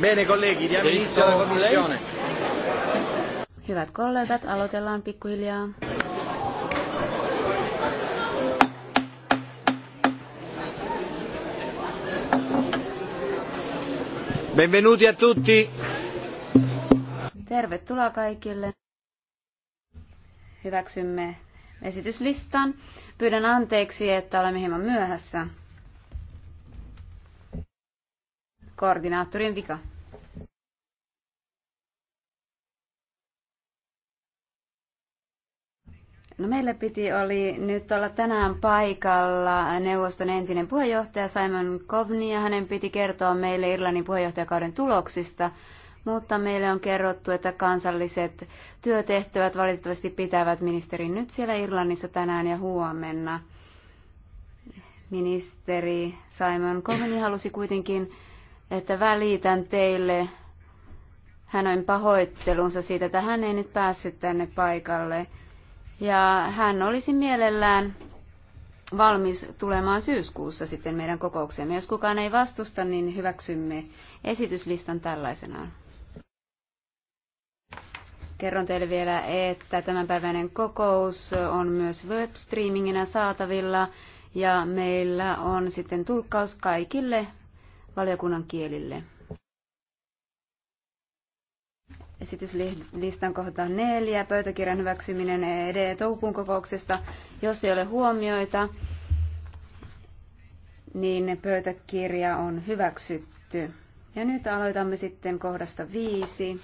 Bene, colleghi, diamo inizio alla commissione. Hyvät kollegat, aloitellaan pikkuhiljaa. Benvenuti a tutti. Tervetuloa kaikille. Hyväksymme esityslistan. Pyydän anteeksi, että olemme hieman myöhässä. koordinaattorien vika. No meillä piti oli nyt olla tänään paikalla neuvoston entinen puheenjohtaja Simon Kovni ja hänen piti kertoa meille Irlannin puheenjohtajakauden tuloksista, mutta meille on kerrottu, että kansalliset työtehtävät valitettavasti pitävät ministerin nyt siellä Irlannissa tänään ja huomenna. Ministeri Simon Kovni halusi kuitenkin että välitän teille hänen pahoittelunsa siitä, että hän ei nyt päässyt tänne paikalle. Ja hän olisi mielellään valmis tulemaan syyskuussa sitten meidän kokoukseemme. Jos kukaan ei vastusta, niin hyväksymme esityslistan tällaisenaan. Kerron teille vielä, että tämänpäiväinen kokous on myös webstreaminginä saatavilla ja meillä on sitten tulkkaus kaikille valiokunnan kielille. Esityslistan kohta neljä, pöytäkirjan hyväksyminen ED e toukokuun kokouksesta. Jos ei ole huomioita, niin pöytäkirja on hyväksytty. Ja nyt aloitamme sitten kohdasta viisi.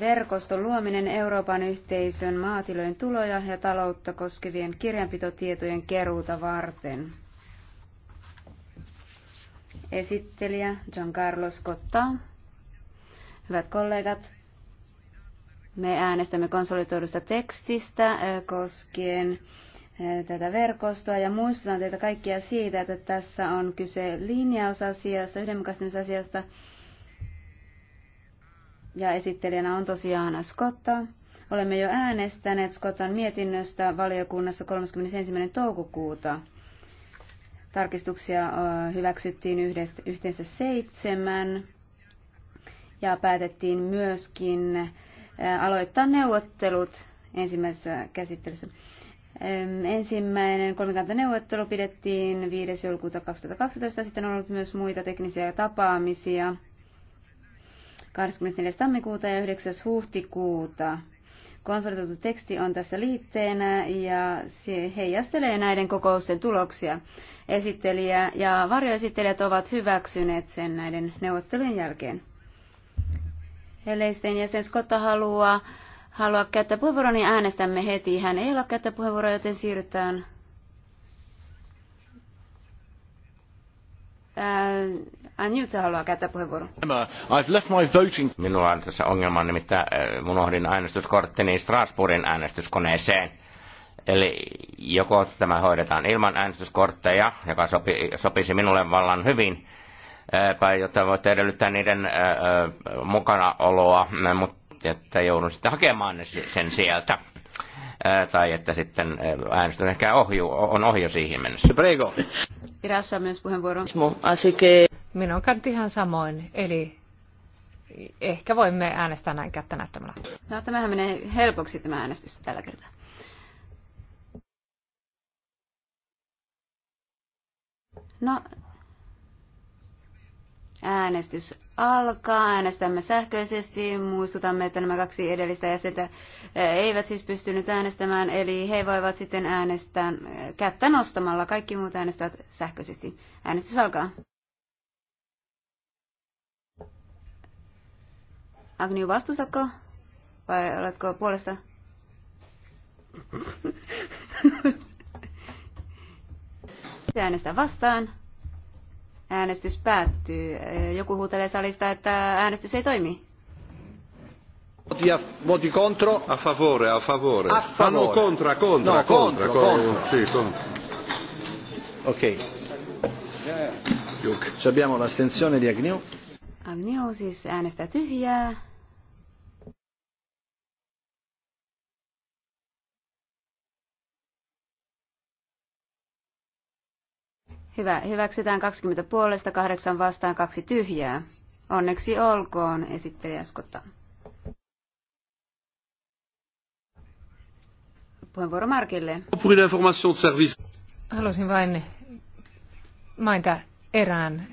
Verkoston luominen Euroopan yhteisön maatilojen tuloja ja taloutta koskevien kirjanpitotietojen keruuta varten esittelijä Giancarlo Scotta. Hyvät kollegat, me äänestämme konsolidoidusta tekstistä äh, koskien äh, tätä verkostoa ja muistutan teitä kaikkia siitä, että tässä on kyse linjausasiasta, asiasta. ja esittelijänä on tosiaan Scotta. Olemme jo äänestäneet Scottan mietinnöstä valiokunnassa 31. toukokuuta. Tarkistuksia hyväksyttiin yhdessä, yhteensä seitsemän ja päätettiin myöskin aloittaa neuvottelut ensimmäisessä käsittelyssä. Ensimmäinen kolmikantaneuvottelu pidettiin 5. joulukuuta 2012. Sitten on ollut myös muita teknisiä tapaamisia 24. tammikuuta ja 9. huhtikuuta. Konsolidoitu teksti on tässä liitteenä ja se heijastelee näiden kokousten tuloksia. Esittelijä ja varjoesittelijät ovat hyväksyneet sen näiden neuvottelujen jälkeen. Helleisten jäsen Skotta haluaa, haluaa käyttää puheenvuoron, niin äänestämme heti. Hän ei halua käyttää puheenvuoroa, joten siirrytään Minulla on tässä ongelma, nimittäin äh, unohdin äänestyskorttini Strasbourgin äänestyskoneeseen. Eli joko tämä hoidetaan ilman äänestyskortteja, joka sopi, sopisi minulle vallan hyvin, äh, tai jotta voitte edellyttää niiden äh, mukanaoloa, mutta että joudun sitten hakemaan sen sieltä. Tai että sitten äänestys ehkä ohju, on ohjo siihen mennessä. Prego. myös puheenvuoro. que... Minun on ihan samoin, eli ehkä voimme äänestää näin kättä näyttämällä. No, tämähän menee helpoksi tämä äänestys tällä kertaa. No, äänestys alkaa. Äänestämme sähköisesti. Muistutamme, että nämä kaksi edellistä jäsentä eh, eivät siis pystynyt äänestämään, eli he voivat sitten äänestää eh, kättä nostamalla. Kaikki muut äänestävät sähköisesti. Äänestys alkaa. Agni, vastustatko? Vai oletko puolesta? Se äänestää vastaan. Äänestys päättyy. Joku huutelee salista, että äänestys ei toimi. Voti, contro? A favore, a favore. A favore. no, contra, contra, no, contra, contra. contro. contro. Sì, contra. Ok. Ci abbiamo l'astensione di Agnew. Agnio siis äänestää tyhjää. Hyvä. Hyväksytään 20 puolesta, 8 vastaan, 2 tyhjää. Onneksi olkoon, esittelijä Skotta. Puheenvuoro Markille. Haluaisin vain mainita erään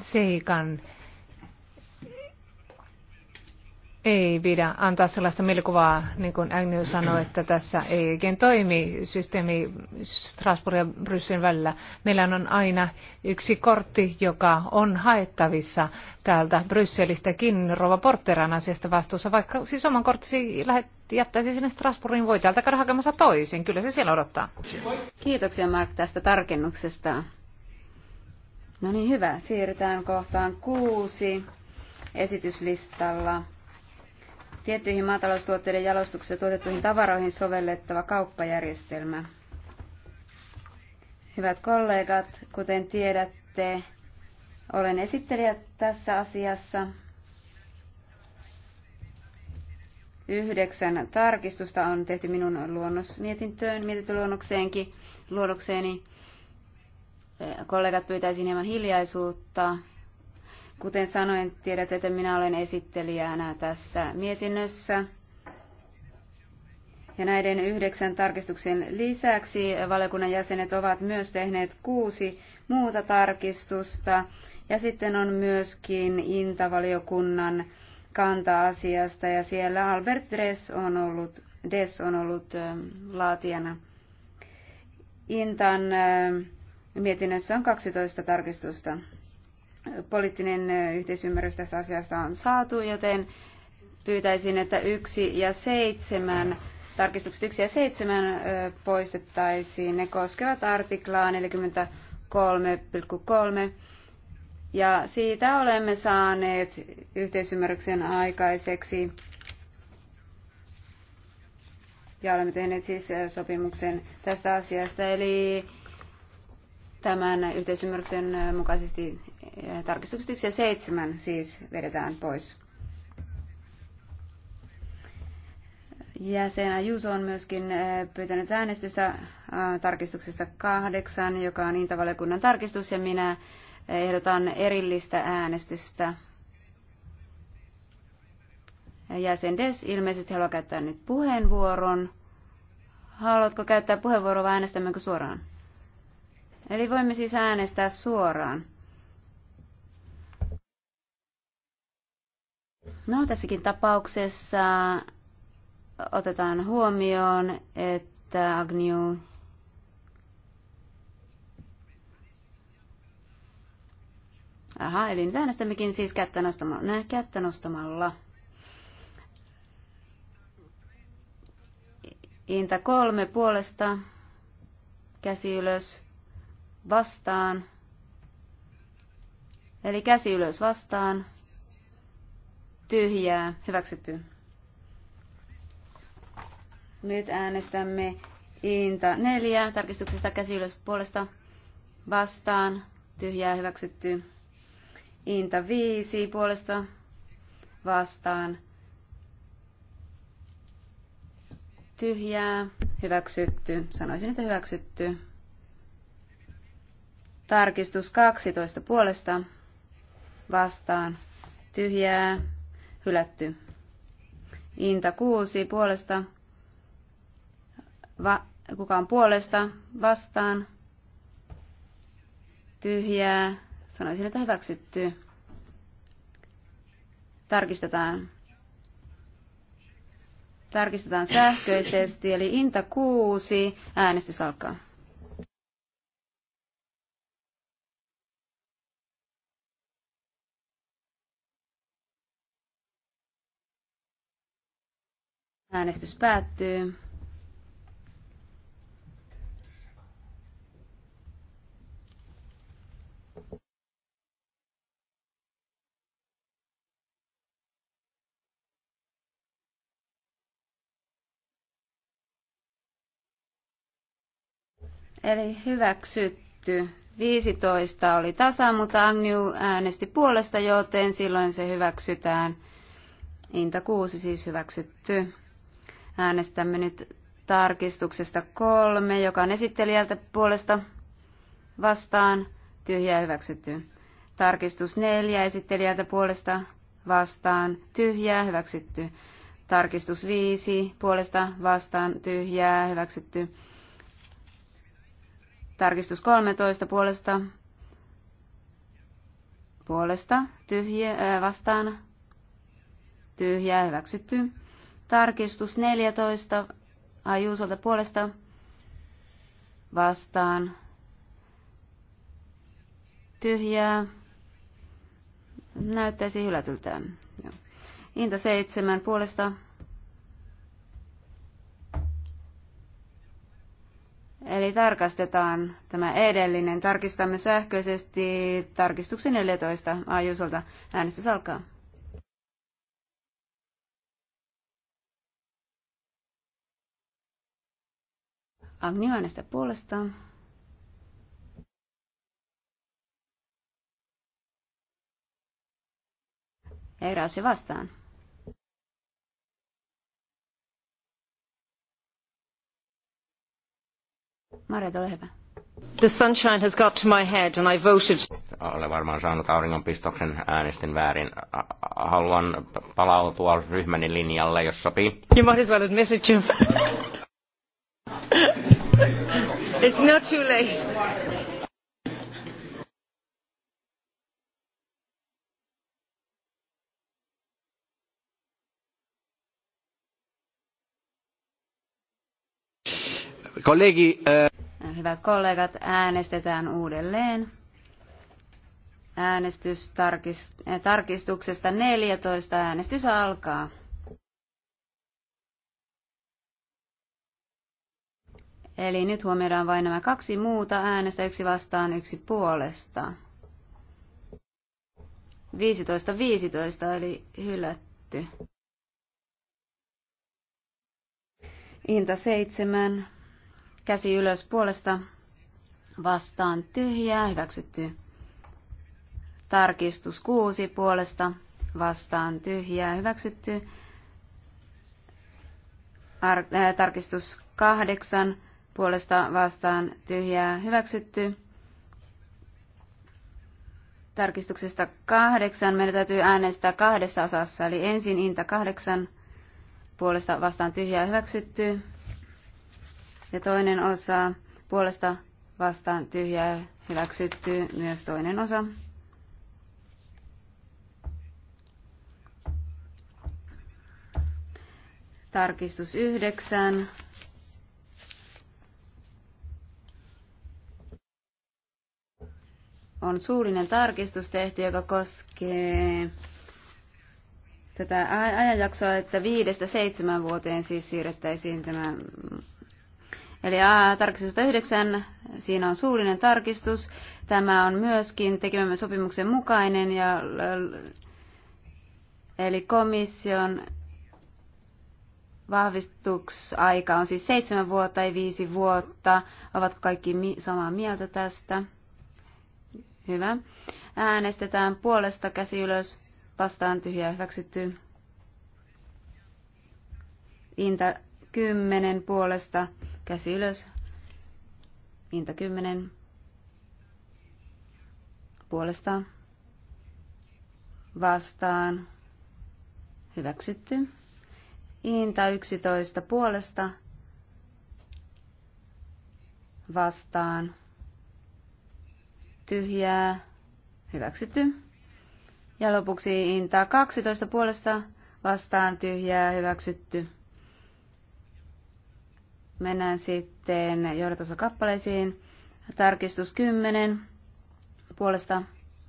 seikan, ei pidä antaa sellaista mielikuvaa, niin kuin Agnew sanoi, että tässä ei oikein toimi systeemi Strasbourg ja Brysselin välillä. Meillä on aina yksi kortti, joka on haettavissa täältä Brysselistäkin. Rova Porteran asiasta vastuussa, vaikka siis oman korttisi jättäisi sinne Strasbourgin, voi täältä käydä hakemassa toisin. Kyllä se siellä odottaa. Kiitoksia Mark tästä tarkennuksesta. No niin, hyvä. Siirrytään kohtaan kuusi esityslistalla tiettyihin maataloustuotteiden jalostuksessa tuotettuihin tavaroihin sovellettava kauppajärjestelmä. Hyvät kollegat, kuten tiedätte, olen esittelijä tässä asiassa. Yhdeksän tarkistusta on tehty minun luonnosmietintöön, Luonnokseeni, Kollegat pyytäisin hieman hiljaisuutta Kuten sanoin, tiedät, että minä olen esittelijänä tässä mietinnössä. Ja näiden yhdeksän tarkistuksen lisäksi valiokunnan jäsenet ovat myös tehneet kuusi muuta tarkistusta. Ja sitten on myöskin Intavaliokunnan kanta-asiasta ja siellä Albert Dress on ollut, Des on ollut ähm, laatijana. Intan ähm, mietinnössä on 12 tarkistusta poliittinen yhteisymmärrys tässä asiassa on saatu, joten pyytäisin, että yksi ja seitsemän tarkistukset yksi ja seitsemän poistettaisiin. Ne koskevat artiklaa 43,3 ja siitä olemme saaneet yhteisymmärryksen aikaiseksi. Ja olemme tehneet siis sopimuksen tästä asiasta. Eli Tämän yhteisymmärryksen mukaisesti eh, tarkistukset 1 ja 7 siis vedetään pois. Jäsen Juuso on myöskin eh, pyytänyt äänestystä eh, tarkistuksesta kahdeksan, joka on intavaliokunnan tarkistus, ja minä ehdotan erillistä äänestystä. Jäsen Des ilmeisesti haluaa käyttää nyt puheenvuoron. Haluatko käyttää puheenvuoroa vai äänestämmekö suoraan? Eli voimme siis äänestää suoraan. No, tässäkin tapauksessa otetaan huomioon, että Agnew Aha, eli nyt äänestämmekin siis kättä nostamalla. Nää, kättä nostamalla. Inta kolme puolesta. Käsi ylös vastaan. Eli käsi ylös vastaan. Tyhjää. Hyväksytty. Nyt äänestämme Inta 4. Tarkistuksesta käsi ylös puolesta vastaan. Tyhjää hyväksytty. Inta 5 puolesta vastaan. Tyhjää hyväksytty. Sanoisin, että hyväksytty. Tarkistus 12 puolesta vastaan tyhjää hylätty. Inta 6 puolesta va, kukaan puolesta vastaan tyhjää. Sanoisin, että hyväksytty. Tarkistetaan. Tarkistetaan sähköisesti, eli Inta 6, äänestys alkaa. Äänestys päättyy. Eli hyväksytty. 15 oli tasa, mutta Agnew äänesti puolesta, joten silloin se hyväksytään. Inta 6 siis hyväksytty. Äänestämme nyt tarkistuksesta kolme, joka on esittelijältä puolesta vastaan, tyhjää hyväksytty. Tarkistus neljä esittelijältä puolesta vastaan, tyhjää hyväksytty. Tarkistus viisi puolesta vastaan, tyhjää hyväksytty. Tarkistus 13 puolesta puolesta tyhjä, vastaan tyhjää hyväksytty. Tarkistus 14 Ajuusolta puolesta vastaan. Tyhjää. Näyttäisi hylätyltään. Inta 7 puolesta Eli tarkastetaan tämä edellinen. Tarkistamme sähköisesti tarkistuksen 14 ajuusolta. Äänestys alkaa. Agni äänestä puolestaan. Ja eräs vastaan. Marja, ole hyvä. The sunshine has got to my head and I voted. Olen varmaan saanut auringonpistoksen äänestin väärin. Haluan palautua ryhmäni linjalle, jos sopii. You might as well admit it, Jim. It's not too late. Kollegi, äh... Hyvät kollegat, äänestetään uudelleen. Äänestystarkistuksesta eh, 14 äänestys alkaa. Eli nyt huomioidaan vain nämä kaksi muuta äänestä, yksi vastaan, yksi puolesta. 15, 15, eli hylätty. Inta 7, käsi ylös puolesta, vastaan tyhjää, hyväksytty. Tarkistus 6, puolesta, vastaan tyhjää, hyväksytty. Ar- äh, tarkistus 8, puolesta vastaan tyhjää hyväksytty. Tarkistuksesta kahdeksan meidän täytyy äänestää kahdessa osassa, eli ensin Inta kahdeksan puolesta vastaan tyhjää hyväksytty. Ja toinen osa puolesta vastaan tyhjää hyväksytty myös toinen osa. Tarkistus yhdeksän on suullinen tarkistus tehty, joka koskee tätä ajanjaksoa, että viidestä seitsemän vuoteen siis siirrettäisiin tämä. Eli A, tarkistusta yhdeksän, siinä on suullinen tarkistus. Tämä on myöskin tekemämme sopimuksen mukainen, ja, eli komission vahvistuksaika on siis seitsemän vuotta, ei viisi vuotta. Ovatko kaikki samaa mieltä tästä? Hyvä. Äänestetään puolesta käsi ylös. Vastaan tyhjä hyväksytty. Inta 10 puolesta käsi ylös. Inta 10 puolesta vastaan hyväksytty. Inta 11 puolesta vastaan tyhjää, hyväksytty. Ja lopuksi intaa 12 puolesta vastaan tyhjää, hyväksytty. Mennään sitten johdatossa kappaleisiin. Tarkistus 10 puolesta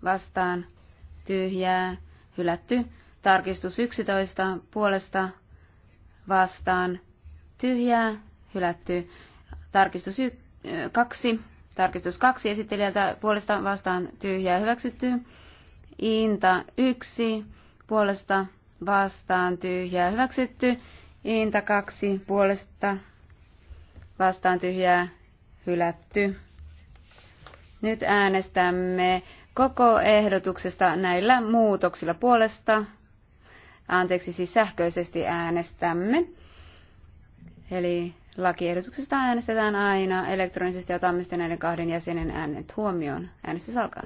vastaan tyhjää, hylätty. Tarkistus 11 puolesta vastaan tyhjää, hylätty. Tarkistus 2 Tarkistus 2 esittelijältä puolesta vastaan tyhjää hyväksytty. Inta 1 puolesta vastaan tyhjää hyväksytty. Inta 2 puolesta vastaan tyhjää hylätty. Nyt äänestämme koko ehdotuksesta näillä muutoksilla puolesta. Anteeksi, siis sähköisesti äänestämme. Eli Lakiehdotuksesta äänestetään aina elektronisesti ja tammisten näiden kahden jäsenen äänet huomioon. Äänestys alkaa.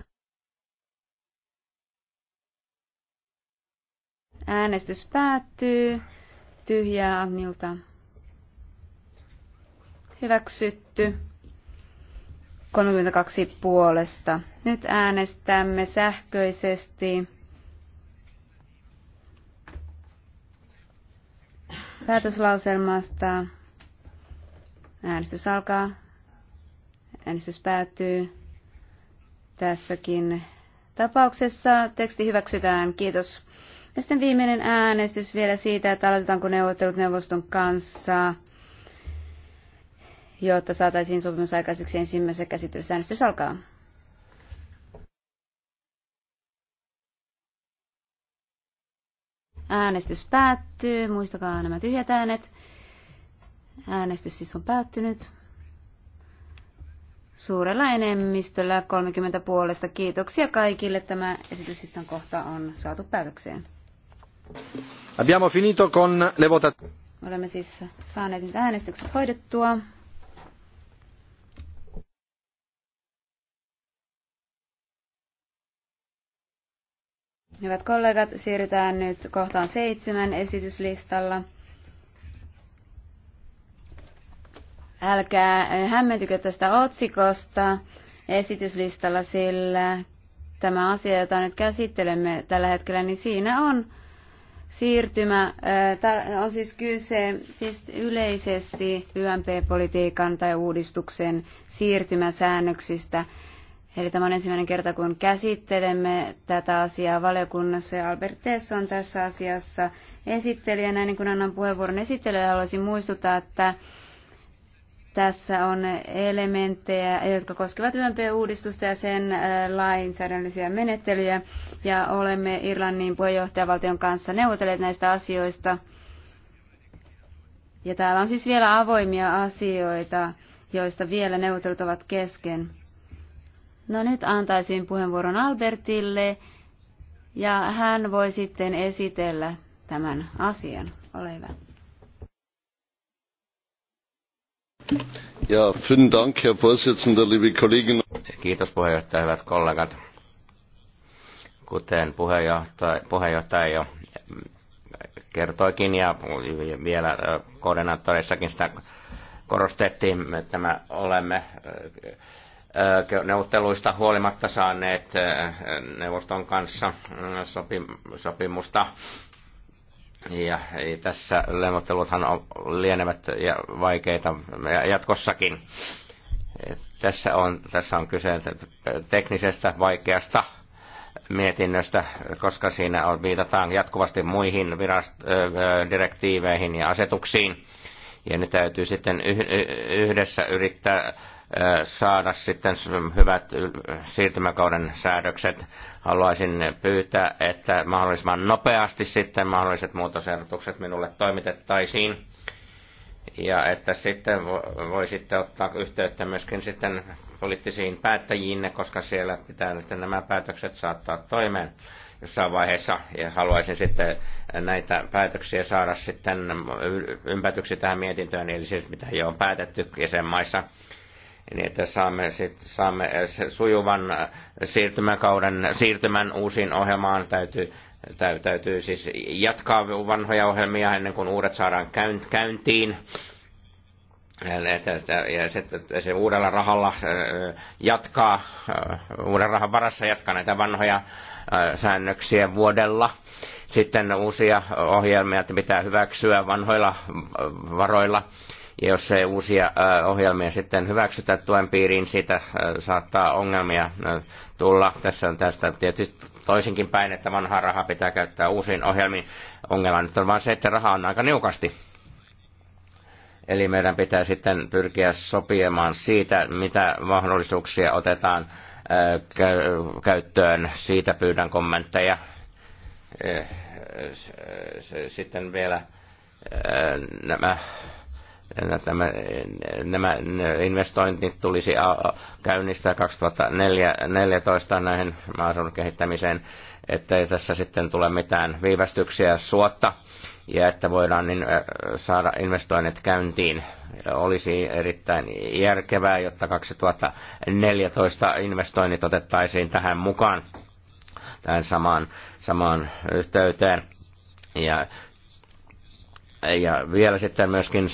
Äänestys päättyy. Tyhjää Agnilta. Hyväksytty. 32 puolesta. Nyt äänestämme sähköisesti. Päätöslauselmasta. Äänestys alkaa. Äänestys päättyy. Tässäkin tapauksessa teksti hyväksytään. Kiitos. Ja sitten viimeinen äänestys vielä siitä, että aloitetaanko neuvottelut neuvoston kanssa, jotta saataisiin sopimus aikaiseksi ensimmäisessä käsittelyssä. Äänestys alkaa. Äänestys päättyy. Muistakaa nämä tyhjät äänet. Äänestys siis on päättynyt. Suurella enemmistöllä 30 puolesta. Kiitoksia kaikille. Tämä esitys sitten kohta on saatu päätökseen. Abbiamo finito con le Olemme siis saaneet nyt äänestykset hoidettua. Hyvät kollegat, siirrytään nyt kohtaan seitsemän esityslistalla. Älkää hämmentykö tästä otsikosta esityslistalla, sillä tämä asia, jota nyt käsittelemme tällä hetkellä, niin siinä on siirtymä, äh, on siis kyse siis yleisesti YMP-politiikan tai uudistuksen siirtymäsäännöksistä. Eli tämä on ensimmäinen kerta, kun käsittelemme tätä asiaa valiokunnassa ja Albert Tess on tässä asiassa esittelijänä. Ennen kuin annan puheenvuoron esittelijälle, haluaisin muistuttaa, että tässä on elementtejä, jotka koskevat YMP-uudistusta ja sen äh, lainsäädännöllisiä menettelyjä, ja olemme Irlannin puheenjohtajavaltion kanssa neuvotelleet näistä asioista. Ja täällä on siis vielä avoimia asioita, joista vielä neuvottelut ovat kesken. No nyt antaisin puheenvuoron Albertille, ja hän voi sitten esitellä tämän asian. Ole hyvä. Herr liebe Kolleginnen. Kiitos puheenjohtaja, hyvät kollegat. Kuten puheenjohtaja jo kertoikin ja vielä koordinaattoreissakin sitä korostettiin, että me olemme neuvotteluista huolimatta saaneet neuvoston kanssa sopimusta ja tässä on lienevät ja vaikeita jatkossakin. Tässä on, tässä on kyse teknisestä vaikeasta mietinnöstä, koska siinä on, viitataan jatkuvasti muihin virast, direktiiveihin ja asetuksiin. Ja ne täytyy sitten yhdessä yrittää saada sitten hyvät siirtymäkauden säädökset. Haluaisin pyytää, että mahdollisimman nopeasti sitten mahdolliset muutosehdotukset minulle toimitettaisiin. Ja että sitten voi sitten ottaa yhteyttä myöskin sitten poliittisiin päättäjiinne, koska siellä pitää sitten nämä päätökset saattaa toimeen jossain vaiheessa. Ja haluaisin sitten näitä päätöksiä saada sitten ympätyksi tähän mietintöön, eli siis mitä jo on päätetty jäsenmaissa. maissa niin että saamme, sit, saamme eh, sujuvan eh, siirtymäkauden, siirtymän uusiin ohjelmaan täytyy, täy, täytyy siis jatkaa vanhoja ohjelmia ennen kuin uudet saadaan käyntiin. Ja sitten se uudella rahalla eh, jatkaa, uuden rahan varassa jatkaa näitä vanhoja säännöksiä vuodella. Sitten uusia ohjelmia että pitää hyväksyä vanhoilla varoilla ja jos ei uusia ohjelmia sitten hyväksytä tuen piiriin, siitä saattaa ongelmia tulla. Tässä on tästä tietysti toisinkin päin, että vanhaa rahaa pitää käyttää uusiin ohjelmiin. Ongelma nyt on vain se, että rahaa on aika niukasti. Eli meidän pitää sitten pyrkiä sopimaan siitä, mitä mahdollisuuksia otetaan käyttöön. Siitä pyydän kommentteja. Sitten vielä nämä Tämä, nämä investointit tulisi käynnistää 2014 näihin maaseudun kehittämiseen, ettei tässä sitten tule mitään viivästyksiä suotta ja että voidaan niin saada investoinnit käyntiin. Olisi erittäin järkevää, jotta 2014 investoinnit otettaisiin tähän mukaan, tähän samaan, samaan yhteyteen. Ja ja vielä sitten myöskin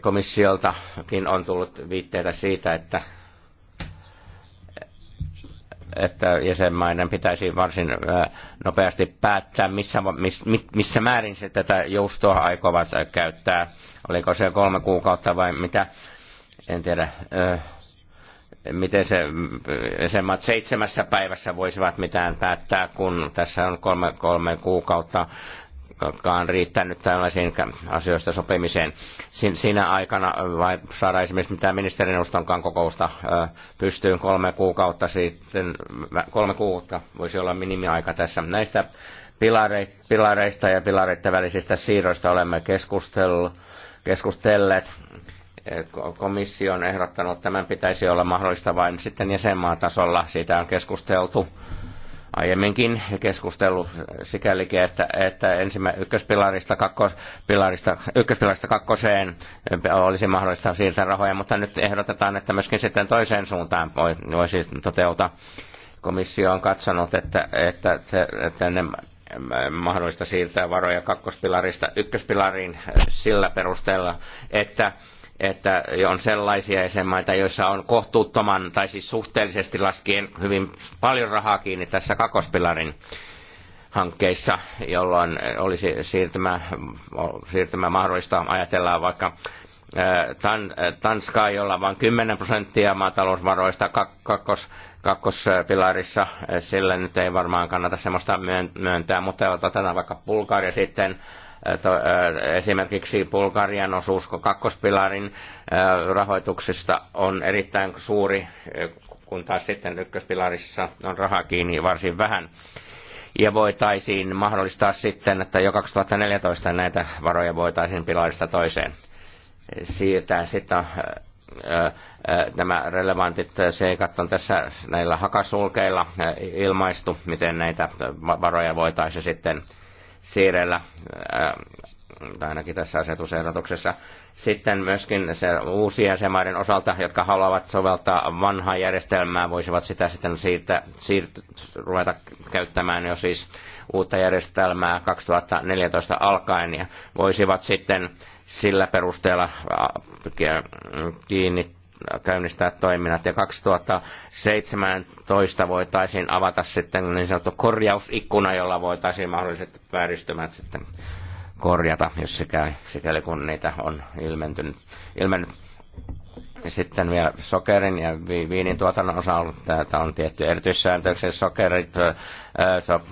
komissioltakin on tullut viitteitä siitä, että, että jäsenmaiden pitäisi varsin nopeasti päättää, missä, missä määrin se tätä joustoa aikovat käyttää. Oliko se kolme kuukautta vai mitä? En tiedä miten se, jäsenmaat seitsemässä päivässä voisivat mitään päättää, kun tässä on kolme, kolme kuukautta kuitenkaan riittänyt tällaisiin asioista sopimiseen. Siinä aikana vai saada esimerkiksi mitään ministerineuvostonkaan kokousta pystyyn kolme kuukautta sitten, kolme kuukautta voisi olla minimiaika tässä. Näistä pilareista ja pilareiden välisistä siirroista olemme keskustelleet. E, komissio on ehdottanut, että tämän pitäisi olla mahdollista vain sitten jäsenmaatasolla. Siitä on keskusteltu aiemminkin keskustellut sikälikin, että, että ensimmä, ykköspilarista, kakkos, pilarista, ykköspilarista kakkoseen olisi mahdollista siirtää rahoja, mutta nyt ehdotetaan, että myöskin sitten toiseen suuntaan voisi toteuta. Komissio on katsonut, että, että, että ne mahdollista siirtää varoja kakkospilarista ykköspilariin sillä perusteella, että että on sellaisia jäsenmaita, joissa on kohtuuttoman, tai siis suhteellisesti laskien hyvin paljon rahaa kiinni tässä kakospilarin hankkeissa, jolloin olisi siirtymä, siirtymä mahdollista. Ajatellaan vaikka Tan, Tanskaa, jolla on vain 10 prosenttia maatalousvaroista kakkos, kakkospilarissa. Sillä nyt ei varmaan kannata sellaista myöntää, mutta otetaan vaikka Bulgaria sitten Esimerkiksi Bulgarian osuus kakkospilarin rahoituksesta on erittäin suuri, kun taas sitten ykköspilarissa on rahaa kiinni varsin vähän. Ja voitaisiin mahdollistaa sitten, että jo 2014 näitä varoja voitaisiin pilarista toiseen siirtää sitten nämä relevantit seikat on tässä näillä hakasulkeilla ilmaistu, miten näitä varoja voitaisiin sitten siirrellä tai ainakin tässä asetusehdotuksessa. Sitten myöskin se uusien jäsenmaiden osalta, jotka haluavat soveltaa vanhaa järjestelmää, voisivat sitä sitten siitä siirt, ruveta käyttämään jo siis uutta järjestelmää 2014 alkaen ja voisivat sitten sillä perusteella kiinnittää käynnistää toiminnat ja 2017 voitaisiin avata sitten niin sanottu korjausikkuna, jolla voitaisiin mahdolliset vääristymät sitten korjata, jos sikäli, sikäli kun niitä on ilmentynyt, ilmennyt sitten vielä sokerin ja viinin tuotannon osalta tämä on tietty erityissääntöksen Sokerit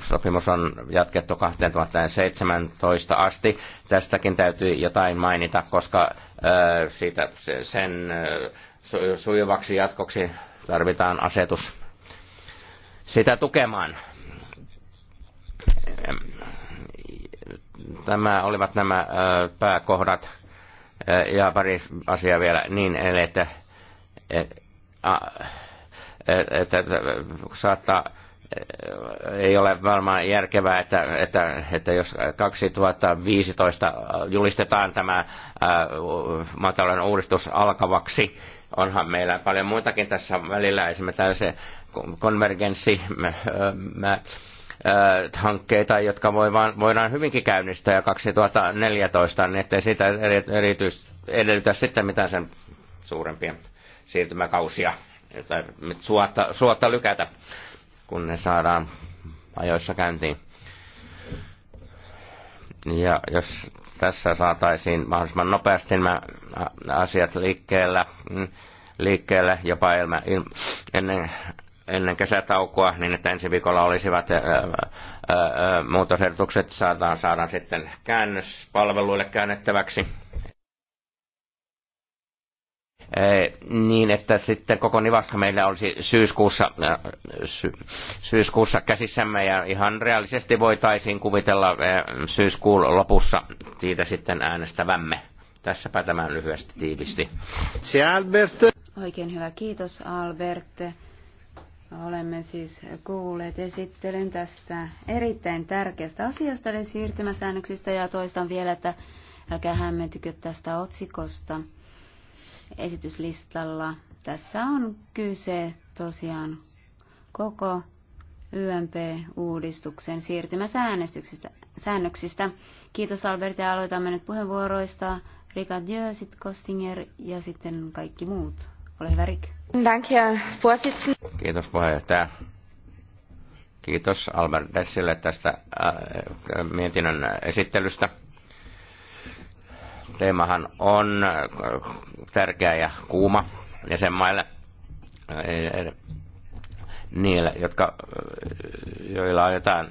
sopimus on jatkettu 2017 asti. Tästäkin täytyy jotain mainita, koska siitä sen sujuvaksi jatkoksi tarvitaan asetus sitä tukemaan tämä olivat nämä pääkohdat ja pari asiaa vielä niin, että, että, e, että, että saattaa e, ei ole varmaan järkevää, että, että, että jos 2015 julistetaan tämä matalan uudistus alkavaksi, onhan meillä paljon muitakin tässä välillä, esimerkiksi se konvergenssi, mä, mä, hankkeita, jotka voidaan hyvinkin käynnistää ja 2014, niin ettei siitä erityis, edellytä sitten mitään sen suurempia siirtymäkausia tai suotta, suotta lykätä, kun ne saadaan ajoissa käyntiin. Ja jos tässä saataisiin mahdollisimman nopeasti nämä asiat liikkeellä, mm, liikkeelle jopa ilman, ennen ennen kesätaukoa, niin että ensi viikolla olisivat muutosehdotukset saadaan, saadaan sitten käännöspalveluille käännettäväksi. Niin, että sitten koko nivaska meillä olisi syyskuussa, sy, syyskuussa käsissämme ja ihan reaalisesti voitaisiin kuvitella syyskuun lopussa siitä sitten äänestävämme. Tässäpä tämän lyhyesti tiivisti. Oikein hyvä, kiitos Albert. Olemme siis kuulleet esittelyn tästä erittäin tärkeästä asiasta, eli siirtymäsäännöksistä, ja toistan vielä, että älkää hämmentykö tästä otsikosta esityslistalla. Tässä on kyse tosiaan koko YMP-uudistuksen siirtymäsäännöksistä. Kiitos Albert ja aloitamme nyt puheenvuoroista. Rika Dieu, sitten Kostinger ja sitten kaikki muut. Ole hyvä, Rick. Kiitos puheenjohtaja. Kiitos Albert Dessille tästä äh, äh, mietinnön esittelystä. Teemahan on tärkeä ja kuuma jäsenmaille äh, niille, jotka, joilla on jotain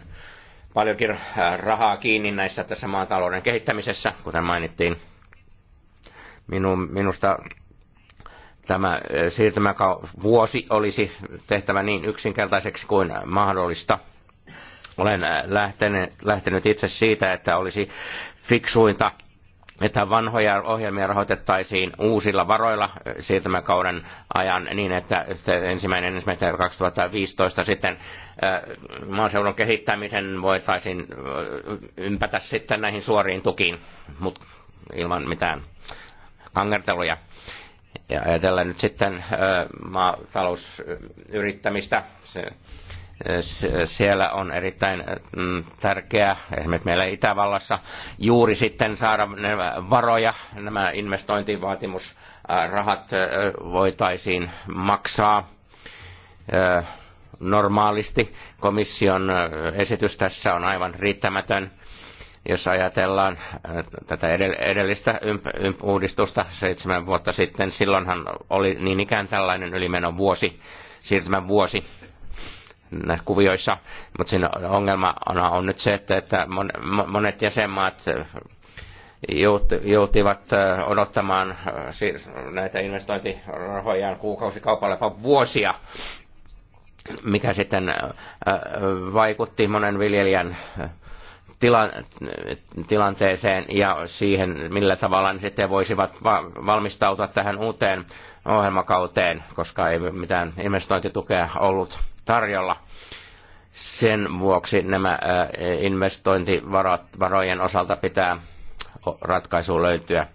paljonkin rahaa kiinni näissä tässä maatalouden kehittämisessä, kuten mainittiin. Minu, minusta Tämä eh, siirtymävuosi olisi tehtävä niin yksinkertaiseksi kuin mahdollista. Olen eh, lähtenyt, lähtenyt itse siitä, että olisi fiksuinta että vanhoja ohjelmia rahoitettaisiin uusilla varoilla eh, siirtymäkauden ajan niin, että ensimmäinen ensimmäistä 2015 sitten maaseudun kehittämisen voitaisiin ympätä sitten näihin suoriin tukiin, mutta ilman mitään kangerteluja. Ja ajatellaan nyt sitten maatalousyrittämistä. Se, siellä on erittäin mm, tärkeää, esimerkiksi meillä Itävallassa, juuri sitten saada ne varoja, nämä investointivaatimusrahat voitaisiin maksaa normaalisti. Komission esitys tässä on aivan riittämätön jos ajatellaan äh, tätä edellistä ymp- uudistusta seitsemän vuotta sitten, silloinhan oli niin ikään tällainen ylimenon vuosi, siirtymän vuosi näissä kuvioissa, mutta siinä ongelma on nyt se, että, että monet jäsenmaat äh, joutivat äh, odottamaan näitä investointirahojaan kuukausikaupalle jopa vuosia, mikä sitten vaikutti monen viljelijän tila, tilanteeseen ja siihen, millä tavalla ne sitten voisivat valmistautua tähän uuteen ohjelmakauteen, koska ei mitään investointitukea ollut tarjolla. Sen vuoksi nämä investointivarojen osalta pitää ratkaisu löytyä.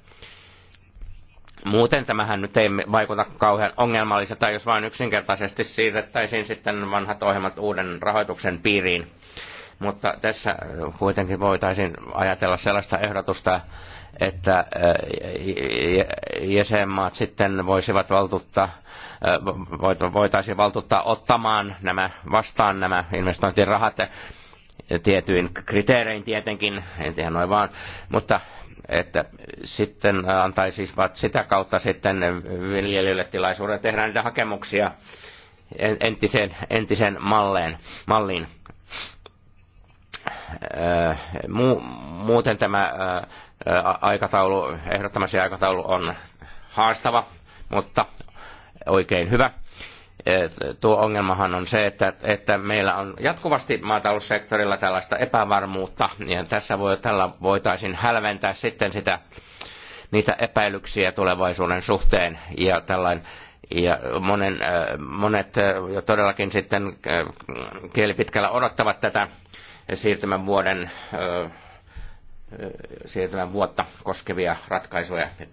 Muuten tämähän nyt ei vaikuta kauhean ongelmalliselta, jos vain yksinkertaisesti siirrettäisiin sitten vanhat ohjelmat uuden rahoituksen piiriin mutta tässä äh, kuitenkin voitaisiin ajatella sellaista ehdotusta, että äh, jäsenmaat sitten voisivat valtuuttaa, äh, voitaisiin valtuuttaa ottamaan nämä vastaan nämä investointirahat tietyin kriteerein tietenkin, en tiedä noin vaan, mutta että sitten antaisivat sitä kautta sitten viljelijöille tilaisuuden tehdä niitä hakemuksia entiseen, entiseen malleen, malliin Äh, muuten tämä äh, äh, aikataulu, ehdottomasti aikataulu on haastava, mutta oikein hyvä. Tuo ongelmahan on se, että, että meillä on jatkuvasti maataloussektorilla tällaista epävarmuutta, ja tässä voi, tällä voitaisiin hälventää sitten sitä, niitä epäilyksiä tulevaisuuden suhteen, ja tällainen ja monen, monet jo todellakin sitten kielipitkällä odottavat tätä siirtymän vuoden siirtymän vuotta koskevia ratkaisuja ja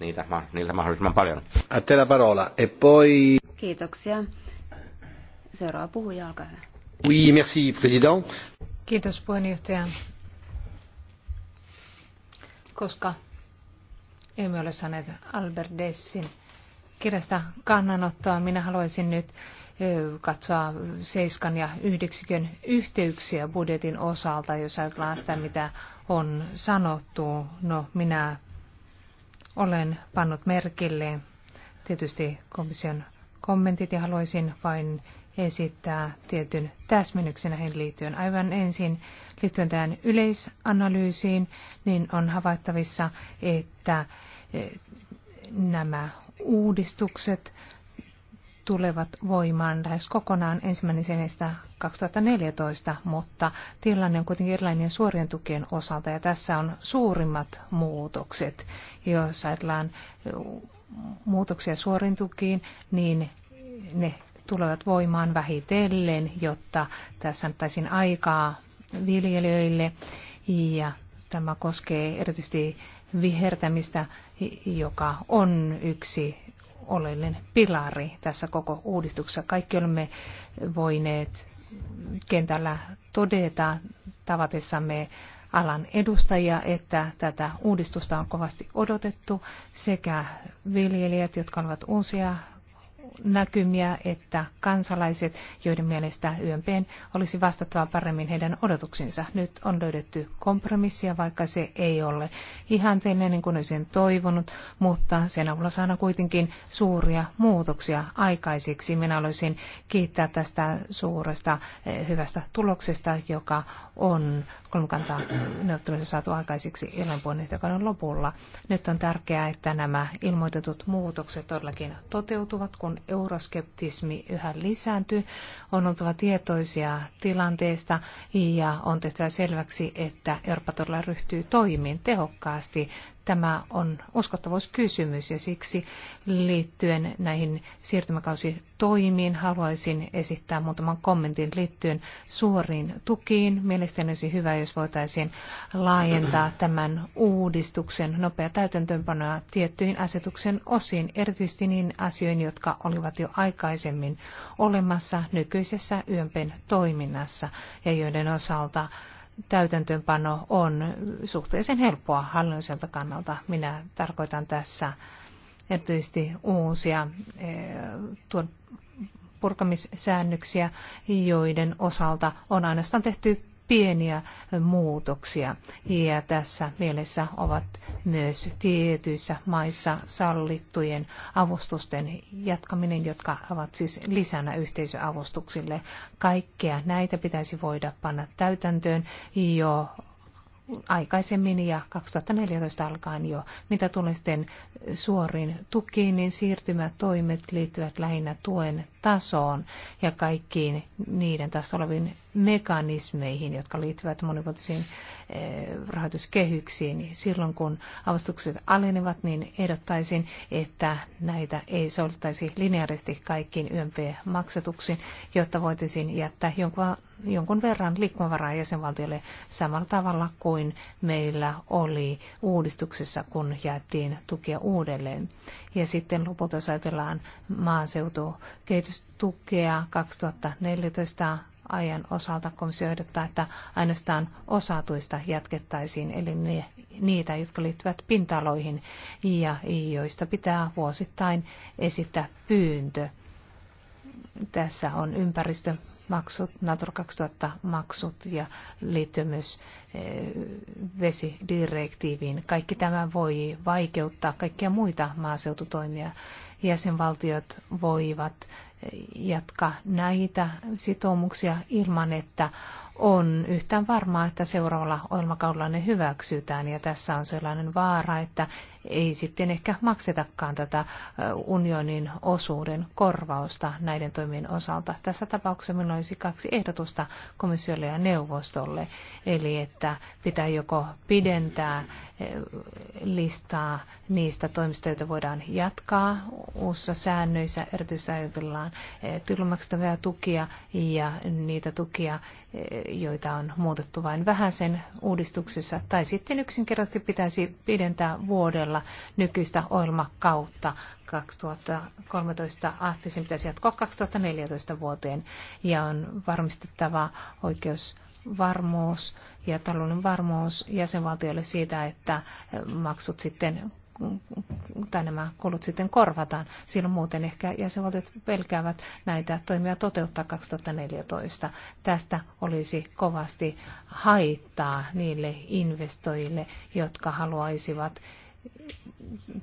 niitä, niiltä mahdollisimman paljon. A parola. E poi... Kiitoksia. Seuraava puhuja, olkaa hyvä. Oui, merci, président. Kiitos puheenjohtaja. Koska emme ole saaneet Albert Dessin kirjasta kannanottoa, minä haluaisin nyt katsoa seiskan ja yhdeksikön yhteyksiä budjetin osalta, jos ajatellaan sitä, mitä on sanottu. No, minä olen pannut merkille tietysti komission kommentit ja haluaisin vain esittää tietyn täsmennyksen näihin liittyen. Aivan ensin liittyen tähän yleisanalyysiin, niin on havaittavissa, että e, nämä uudistukset tulevat voimaan lähes kokonaan ensimmäisestä 2014, mutta tilanne on kuitenkin erilainen suorien tukien osalta ja tässä on suurimmat muutokset. Jos ajatellaan äh, muutoksia suorin tukiin, niin ne tulevat voimaan vähitellen, jotta tässä antaisin aikaa viljelijöille ja tämä koskee erityisesti vihertämistä, joka on yksi oleellinen pilari tässä koko uudistuksessa. Kaikki olemme voineet kentällä todeta tavatessamme alan edustajia, että tätä uudistusta on kovasti odotettu sekä viljelijät, jotka ovat uusia näkymiä, että kansalaiset, joiden mielestä YMP olisi vastattava paremmin heidän odotuksinsa. Nyt on löydetty kompromissia, vaikka se ei ole ihanteellinen niin kuin olisin toivonut, mutta sen avulla saadaan kuitenkin suuria muutoksia aikaisiksi. Minä olisin kiittää tästä suuresta eh, hyvästä tuloksesta, joka on kolmikanta neuvottelussa saatu aikaisiksi eläinpuolinen lopulla. Nyt on tärkeää, että nämä ilmoitetut muutokset todellakin toteutuvat, kun euroskeptismi yhä lisääntyy. On oltava tietoisia tilanteesta ja on tehtävä selväksi, että Eurooppa todella ryhtyy toimiin tehokkaasti Tämä on uskottavuuskysymys ja siksi liittyen näihin siirtymäkausitoimiin haluaisin esittää muutaman kommentin liittyen suoriin tukiin. Mielestäni olisi hyvä, jos voitaisiin laajentaa tämän uudistuksen nopea täytäntöönpanoa tiettyihin asetuksen osiin, erityisesti niin asioihin, jotka olivat jo aikaisemmin olemassa nykyisessä YMPn toiminnassa ja joiden osalta täytäntöönpano on suhteellisen helppoa hallinnolliselta kannalta. Minä tarkoitan tässä erityisesti uusia eh, tuon purkamissäännöksiä, joiden osalta on ainoastaan tehty pieniä muutoksia. Ja tässä mielessä ovat myös tietyissä maissa sallittujen avustusten jatkaminen, jotka ovat siis lisänä yhteisöavustuksille. Kaikkea näitä pitäisi voida panna täytäntöön jo aikaisemmin ja 2014 alkaen jo. Mitä tulee sitten suoriin tukiin, niin siirtymätoimet liittyvät lähinnä tuen tasoon ja kaikkiin niiden tasolla oleviin mekanismeihin, jotka liittyvät monivuotisiin eh, rahoituskehyksiin. Silloin kun avustukset alenevat, niin ehdottaisin, että näitä ei sovittaisi lineaarisesti kaikkiin YMP-maksatuksiin, jotta voitaisiin jättää jonkun, jonkun verran liikkumavaraa jäsenvaltiolle samalla tavalla kuin meillä oli uudistuksessa, kun jaettiin tukia uudelleen. Ja sitten lopulta jos ajatellaan maaseutukehitystukea 2014 ajan osalta komissio ehdottaa, että ainoastaan osatuista jatkettaisiin, eli ne, niitä, jotka liittyvät pintaloihin ja joista pitää vuosittain esittää pyyntö. Tässä on ympäristö maksut, Natura 2000 maksut ja liittyy myös eh, vesidirektiiviin. Kaikki tämä voi vaikeuttaa kaikkia muita maaseututoimia jäsenvaltiot voivat jatkaa näitä sitoumuksia ilman, että on yhtään varmaa, että seuraavalla ohjelmakaudella ne hyväksytään. Ja tässä on sellainen vaara, että ei sitten ehkä maksetakaan tätä unionin osuuden korvausta näiden toimien osalta. Tässä tapauksessa minulla olisi kaksi ehdotusta komissiolle ja neuvostolle. Eli että pitää joko pidentää listaa niistä toimista, joita voidaan jatkaa uussa säännöissä, erityisesti ajatellaan tukia ja niitä tukia, joita on muutettu vain vähän sen uudistuksessa, tai sitten yksinkertaisesti pitäisi pidentää vuodella nykyistä ohjelmakautta 2013 asti, sen pitäisi jatkoa 2014 vuoteen, ja on varmistettava oikeus varmuus ja talouden varmuus jäsenvaltioille siitä, että maksut sitten tai nämä kulut sitten korvataan. Silloin muuten ehkä jäsenvaltiot pelkäävät näitä toimia toteuttaa 2014. Tästä olisi kovasti haittaa niille investoijille, jotka haluaisivat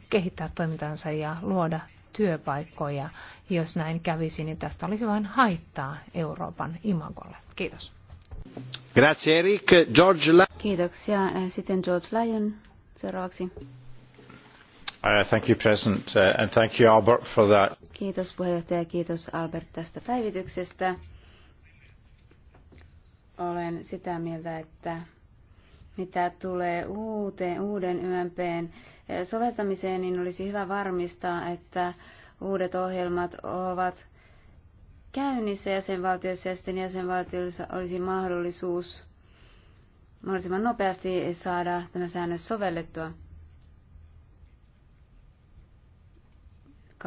kehittää toimintansa ja luoda työpaikkoja. Jos näin kävisi, niin tästä oli hyvän haittaa Euroopan imagolle. Kiitos. Grazie Eric. George Kiitoksia. Sitten George Lyon seuraavaksi. Uh, uh, kiitos puheenjohtaja, kiitos Albert tästä päivityksestä. Olen sitä mieltä, että mitä tulee uuteen, uuden YMPn uh, soveltamiseen, niin olisi hyvä varmistaa, että uudet ohjelmat ovat käynnissä jäsenvaltioissa ja sitten jäsenvaltioissa olisi mahdollisuus mahdollisimman nopeasti saada tämä säännös sovellettua.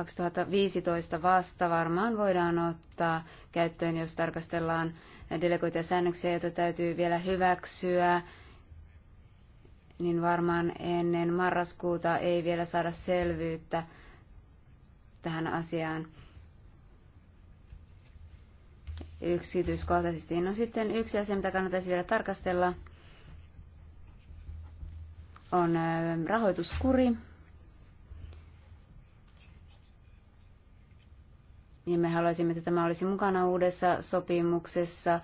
2015 vasta varmaan voidaan ottaa käyttöön, jos tarkastellaan delegoituja säännöksiä, joita täytyy vielä hyväksyä, niin varmaan ennen marraskuuta ei vielä saada selvyyttä tähän asiaan yksityiskohtaisesti. No sitten yksi asia, mitä kannattaisi vielä tarkastella, on rahoituskuri. niin me haluaisimme, että tämä olisi mukana uudessa sopimuksessa,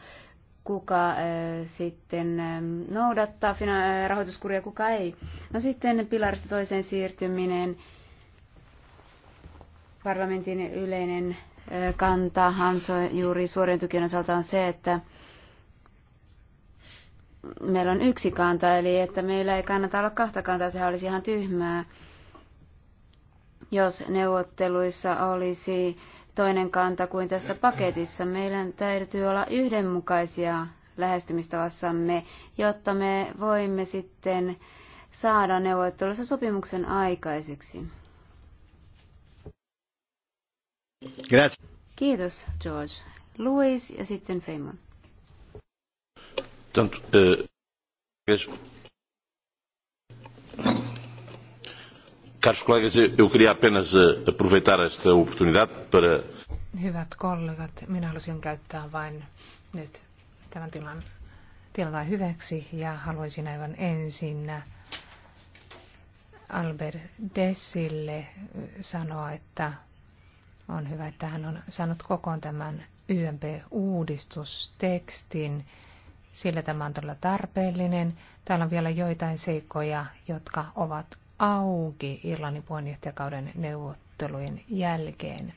kuka äh, sitten ähm, noudattaa äh, rahoituskuria, kuka ei. No sitten pilarista toiseen siirtyminen, parlamentin yleinen äh, kanta Hanso juuri suorien tukien osalta on se, että meillä on yksi kanta, eli että meillä ei kannata olla kahta kantaa, sehän olisi ihan tyhmää, jos neuvotteluissa olisi toinen kanta kuin tässä paketissa. Meidän täytyy olla yhdenmukaisia lähestymistavassamme, jotta me voimme sitten saada neuvottelussa sopimuksen aikaiseksi. Grazie. Kiitos, George. Louis ja sitten Feynman. Tant, eh, Caros colegas, eu queria apenas eh, aproveitar esta oportunidade para... Hyvät kollegat, minä haluaisin käyttää vain nyt tämän tilan, tilan hyväksi ja haluaisin aivan ensin Albert Dessille sanoa, että on hyvä, että hän on saanut kokoon tämän YMP-uudistustekstin, sillä tämä on todella tarpeellinen. Täällä on vielä joitain seikkoja, jotka ovat auki Irlannin puheenjohtajakauden neuvottelujen jälkeen.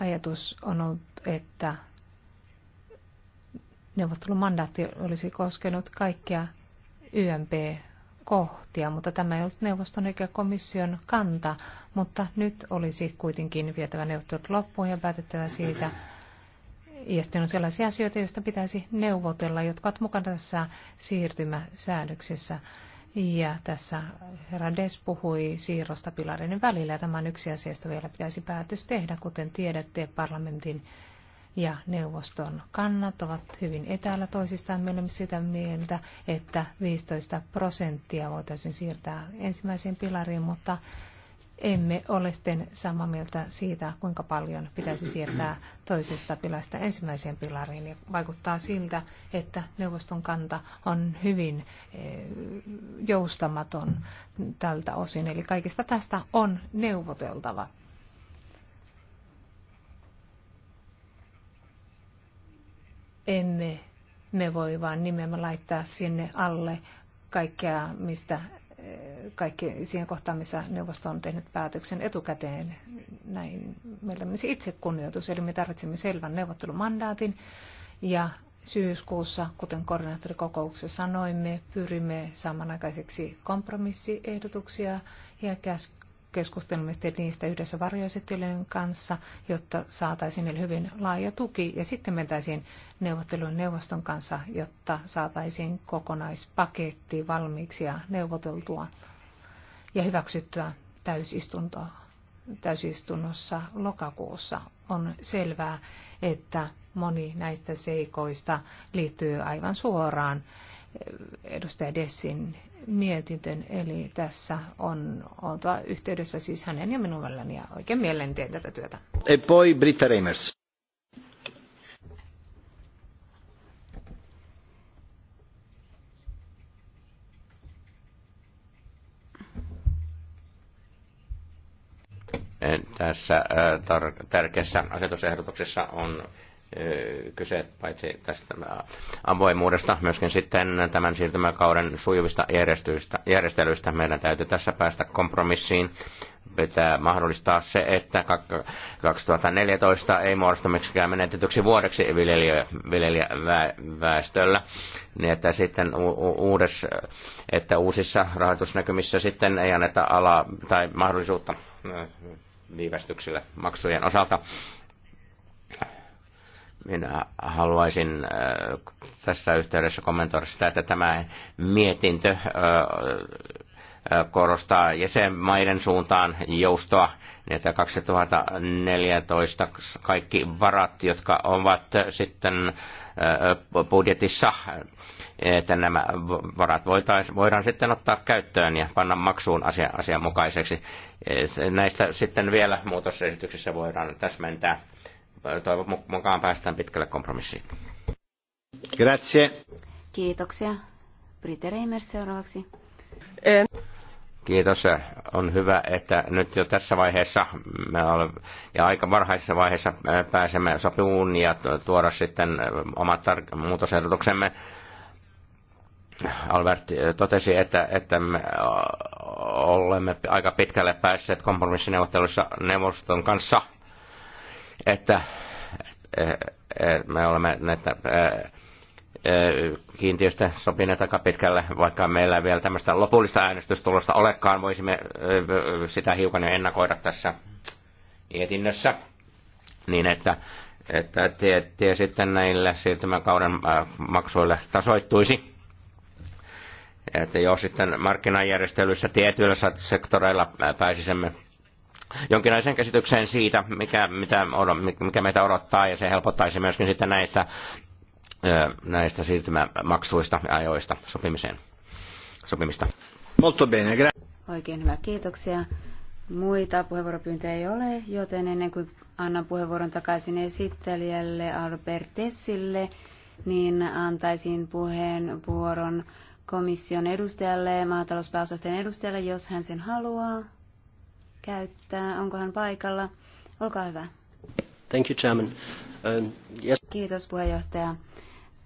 Ajatus on ollut, että neuvottelumandaatti olisi koskenut kaikkia YMP-kohtia, mutta tämä ei ollut neuvoston eikä komission kanta, mutta nyt olisi kuitenkin vietävä neuvottelut loppuun ja päätettävä siitä, ja sitten on sellaisia asioita, joista pitäisi neuvotella, jotka ovat mukana tässä siirtymäsäädöksessä. Ja tässä herra Des puhui siirrosta pilareiden välillä, ja tämä on yksi asiasta vielä pitäisi päätös tehdä. Kuten tiedätte, parlamentin ja neuvoston kannat ovat hyvin etäällä toisistaan. Me olemme sitä mieltä, että 15 prosenttia voitaisiin siirtää ensimmäiseen pilariin, mutta emme ole sitten samaa mieltä siitä, kuinka paljon pitäisi siirtää toisesta pilasta ensimmäiseen pilariin. Ja vaikuttaa siltä, että neuvoston kanta on hyvin eh, joustamaton tältä osin. Eli kaikista tästä on neuvoteltava. Emme me voi vaan nimemme laittaa sinne alle kaikkea, mistä kaikki siihen kohtaan, missä neuvosto on tehnyt päätöksen etukäteen. Näin meillä menisi itse kunnioitus, eli me tarvitsemme selvän neuvottelumandaatin ja syyskuussa, kuten koordinaattorikokouksessa sanoimme, pyrimme samanaikaiseksi kompromissiehdotuksia ja keskustelimme niistä yhdessä varjoesittelyjen kanssa, jotta saataisiin meille hyvin laaja tuki ja sitten mentäisiin neuvottelujen neuvoston kanssa, jotta saataisiin kokonaispaketti valmiiksi ja neuvoteltua ja hyväksyttyä täysistuntoa täysistunnossa lokakuussa on selvää, että moni näistä seikoista liittyy aivan suoraan eh, edustaja Dessin mietintön. Eli tässä on oltava yhteydessä siis hänen ja minun välilläni ja oikein mielelläni teen tätä työtä. E poi Britta Reimers. tässä tärkeässä asetusehdotuksessa on kyse paitsi tästä avoimuudesta, myöskin sitten tämän siirtymäkauden sujuvista järjestelyistä. Meidän täytyy tässä päästä kompromissiin. Pitää mahdollistaa se, että 2014 ei muodostu miksikään menetetyksi vuodeksi viljelijäväestöllä, niin että sitten uudessa, että uusissa rahoitusnäkymissä sitten ei anneta alaa tai mahdollisuutta viivästyksille maksujen osalta minä haluaisin äh, tässä yhteydessä kommentoida sitä, että tämä mietintö äh, äh, korostaa jäsenmaiden suuntaan joustoa, että 2014 kaikki varat, jotka ovat sitten budjetissa, että nämä varat voidaan sitten ottaa käyttöön ja panna maksuun asia, asianmukaiseksi. Näistä sitten vielä muutosesityksissä voidaan täsmentää toivon mukaan päästään pitkälle kompromissiin. Grazie. Kiitoksia. Brite Reimer seuraavaksi. En. Kiitos. On hyvä, että nyt jo tässä vaiheessa me olemme, ja aika varhaisessa vaiheessa pääsemme sopimuun ja tuoda sitten omat tar- muutosehdotuksemme. Albert totesi, että, että me olemme aika pitkälle päässeet kompromissineuvottelussa neuvoston kanssa että me olemme näitä kiintiöstä sopineet aika pitkälle, vaikka meillä vielä tämmöistä lopullista äänestystulosta olekaan, voisimme sitä hiukan jo ennakoida tässä mietinnössä, niin että, että tie, tie sitten näille siirtymäkauden maksuille tasoittuisi. Että jos sitten markkinajärjestelyissä tietyillä sektoreilla pääsisimme jonkinlaisen käsityksen siitä, mikä, mitä, mikä meitä odottaa, ja se helpottaisi myöskin sitten näistä, näistä siirtymämaksuista ja ajoista sopimiseen, sopimista. Molto bene, gra- Oikein hyvä, kiitoksia. Muita puheenvuoropyyntöjä ei ole, joten ennen kuin annan puheenvuoron takaisin esittelijälle Albertessille, niin antaisin puheenvuoron komission edustajalle, maatalouspääosasten edustajalle, jos hän sen haluaa käyttää. Onko hän paikalla? Olkaa hyvä. Thank you, Chairman. Um, yes. Kiitos puheenjohtaja.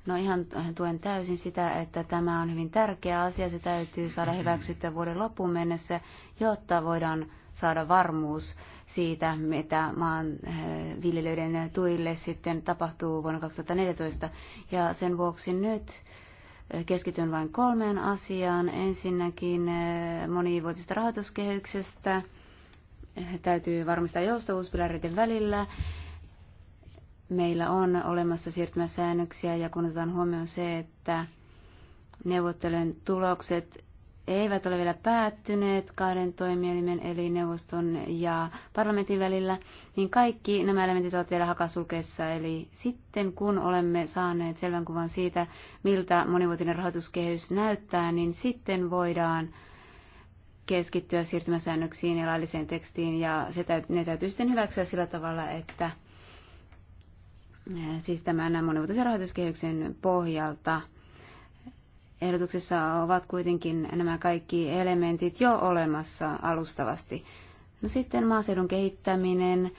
No ihan tuen täysin sitä, että tämä on hyvin tärkeä asia. Se täytyy saada hyväksyttyä vuoden loppuun mennessä, jotta voidaan saada varmuus siitä, mitä maan eh, viljelijöiden tuille sitten tapahtuu vuonna 2014. Ja sen vuoksi nyt eh, keskityn vain kolmeen asiaan. Ensinnäkin eh, monivuotisesta rahoituskehyksestä täytyy varmistaa joustavuuspilareiden välillä. Meillä on olemassa siirtymäsäännöksiä ja kun otetaan huomioon se, että neuvottelujen tulokset eivät ole vielä päättyneet kahden toimielimen eli neuvoston ja parlamentin välillä, niin kaikki nämä elementit ovat vielä hakasulkeessa. Eli sitten kun olemme saaneet selvän kuvan siitä, miltä monivuotinen rahoituskehys näyttää, niin sitten voidaan keskittyä siirtymäsäännöksiin ja lailliseen tekstiin, ja se täyt, ne täytyy sitten hyväksyä sillä tavalla, että eh, siis tämän monivuotisen rahoituskehyksen pohjalta ehdotuksessa ovat kuitenkin nämä kaikki elementit jo olemassa alustavasti. No sitten maaseudun kehittäminen.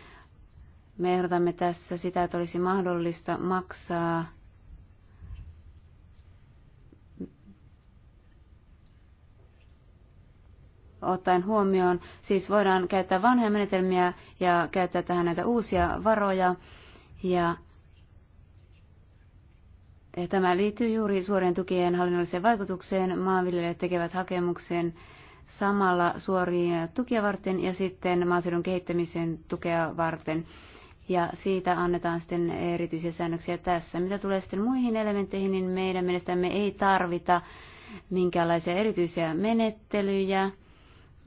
Me ehdotamme tässä sitä, että olisi mahdollista maksaa ottaen huomioon. Siis voidaan käyttää vanhoja menetelmiä ja käyttää tähän näitä uusia varoja. Ja tämä liittyy juuri suorien tukien hallinnolliseen vaikutukseen. Maanviljelijät tekevät hakemuksen samalla suoria tukia varten ja sitten maaseudun kehittämisen tukea varten. Ja siitä annetaan sitten erityisiä säännöksiä tässä. Mitä tulee sitten muihin elementteihin, niin meidän mielestämme ei tarvita minkäänlaisia erityisiä menettelyjä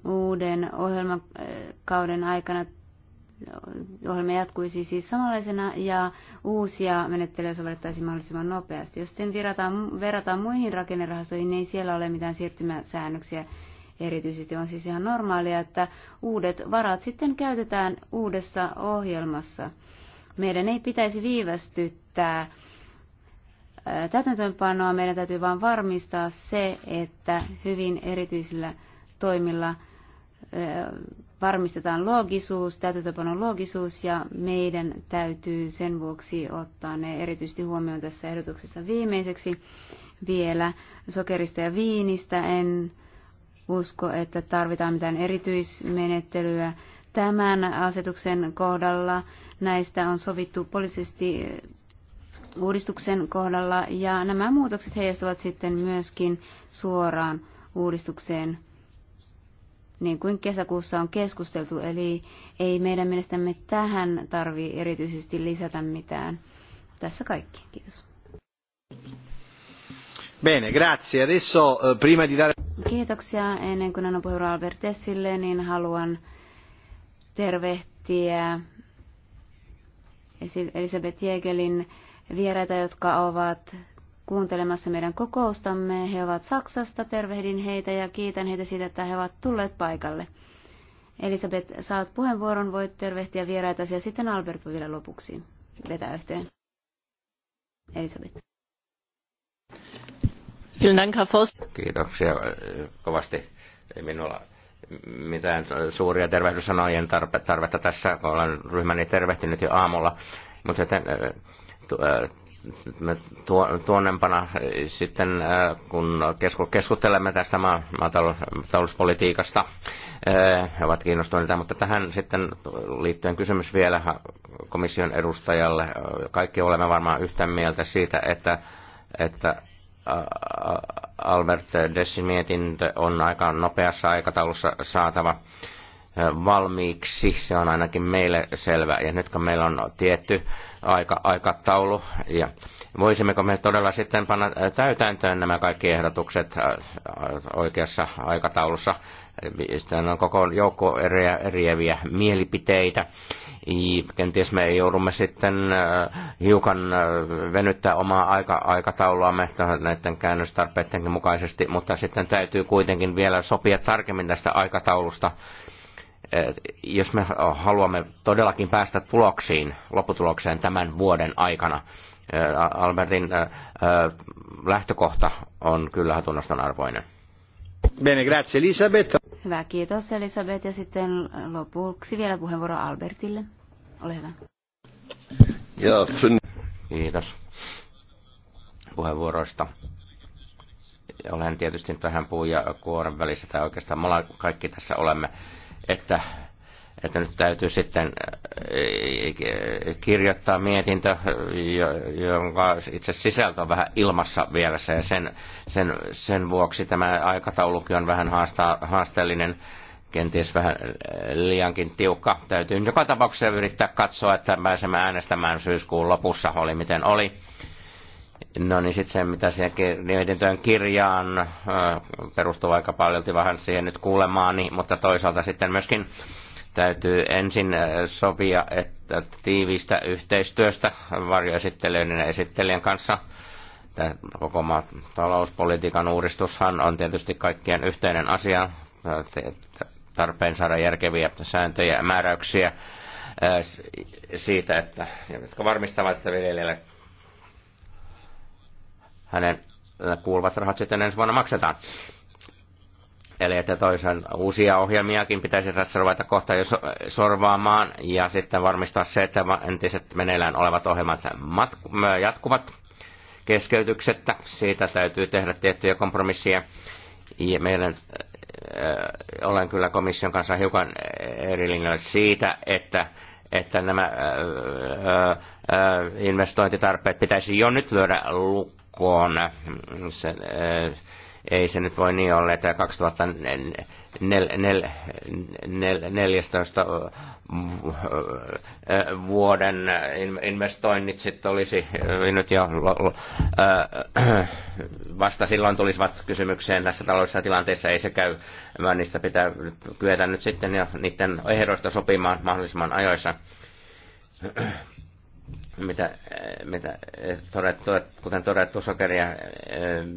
uuden ohjelmakauden aikana ohjelma jatkuisi siis samanlaisena ja uusia menettelyjä sovellettaisiin mahdollisimman nopeasti. Jos sitten virataan, verrataan muihin rakennerahastoihin, niin ei siellä ole mitään siirtymäsäännöksiä. Erityisesti on siis ihan normaalia, että uudet varat sitten käytetään uudessa ohjelmassa. Meidän ei pitäisi viivästyttää täytäntöönpanoa, meidän täytyy vain varmistaa se, että hyvin erityisillä toimilla – varmistetaan loogisuus, täytäntöpanon loogisuus ja meidän täytyy sen vuoksi ottaa ne erityisesti huomioon tässä ehdotuksessa viimeiseksi vielä sokerista ja viinistä. En usko, että tarvitaan mitään erityismenettelyä tämän asetuksen kohdalla. Näistä on sovittu poliittisesti uudistuksen kohdalla ja nämä muutokset heijastuvat sitten myöskin suoraan uudistukseen niin kuin kesäkuussa on keskusteltu, eli ei meidän mielestämme tähän tarvi erityisesti lisätä mitään. Tässä kaikki. Kiitos. Bene, grazie. Adesso, eh, prima di dare... Kiitoksia. Ennen kuin annan puheenvuoron Albertessille, niin haluan tervehtiä Elisabeth Jägelin vieraita, jotka ovat kuuntelemassa meidän kokoustamme. He ovat Saksasta, tervehdin heitä ja kiitän heitä siitä, että he ovat tulleet paikalle. Elisabeth, saat puheenvuoron, voit tervehtiä vieraita ja sitten Albert voi vielä lopuksi vetää yhteen. Elisabeth. Kiitoksia äh, kovasti. Ei minulla mitään suuria tervehdyssanojen tarvetta tässä, kun olen ryhmäni tervehtinyt jo aamulla. Mutta sitten äh, äh, tuonnempana eh, sitten, eh, kun keskustelemme tästä maatalouspolitiikasta, eh, he ovat kiinnostuneita, mutta tähän sitten liittyen kysymys vielä komission edustajalle. Kaikki olemme varmaan yhtä mieltä siitä, että, että Albert mietintö on aika nopeassa aikataulussa saatava valmiiksi. Se on ainakin meille selvä. Ja nyt kun meillä on tietty aika, aikataulu. Ja voisimmeko me todella sitten panna täytäntöön nämä kaikki ehdotukset äh, oikeassa aikataulussa? Sitten on koko joukko eriä, eriäviä mielipiteitä. Kenties me joudumme sitten äh, hiukan äh, venyttää omaa aika, aikatauluamme näiden käännöstarpeidenkin mukaisesti, mutta sitten täytyy kuitenkin vielä sopia tarkemmin tästä aikataulusta jos me haluamme todellakin päästä tuloksiin, lopputulokseen tämän vuoden aikana, Albertin lähtökohta on kyllä tunnustan arvoinen. Bene, grazie Elisabeth. Hyvä, kiitos Elisabeth. Ja sitten lopuksi vielä puheenvuoro Albertille. Ole hyvä. Ja, Kiitos puheenvuoroista. Olen tietysti vähän puu ja kuoren välissä, tai oikeastaan me kaikki tässä olemme että, että nyt täytyy sitten äh, äh, kirjoittaa mietintö, jonka itse sisältö on vähän ilmassa vielässä ja sen, sen, sen vuoksi tämä aikataulukin on vähän haasteellinen kenties vähän äh, liiankin tiukka. Täytyy joka tapauksessa yrittää katsoa, että pääsemme äänestämään syyskuun lopussa, oli miten oli. No niin sitten se, mitä siihen mietintöön kirjaan perustuu aika paljon vähän siihen nyt kuulemaani, mutta toisaalta sitten myöskin täytyy ensin sopia että tiivistä yhteistyöstä varjoesittelijöiden ja esittelijän kanssa. Tämä koko maa talouspolitiikan uudistushan on tietysti kaikkien yhteinen asia, tarpeen saada järkeviä sääntöjä ja määräyksiä siitä, että, jotka varmistavat, että viljelijät hänen kuuluvat rahat sitten ensi vuonna maksetaan. Eli että toisen uusia ohjelmiakin pitäisi tässä ruveta kohta jo sorvaamaan ja sitten varmistaa se, että entiset meneillään olevat ohjelmat matku- jatkuvat keskeytyksettä. Siitä täytyy tehdä tiettyjä kompromisseja. Ja meidän, äh, olen kyllä komission kanssa hiukan eri linjoilla siitä, että, että nämä äh, äh, äh investointitarpeet pitäisi jo nyt lyödä lukkoon vuonna. Se, eh, ei se nyt voi niin olla, että 2014 eh, vuoden eh, investoinnit sitten olisi nyt jo vasta silloin tulisivat kysymykseen tässä taloudellisessa tilanteessa. Ei se käy, vaan niistä pitää kyetä nyt sitten ja niiden ehdoista sopimaan mahdollisimman ajoissa mitä, eh, mitä eh, todettu, kuten todettu, sokeria eh,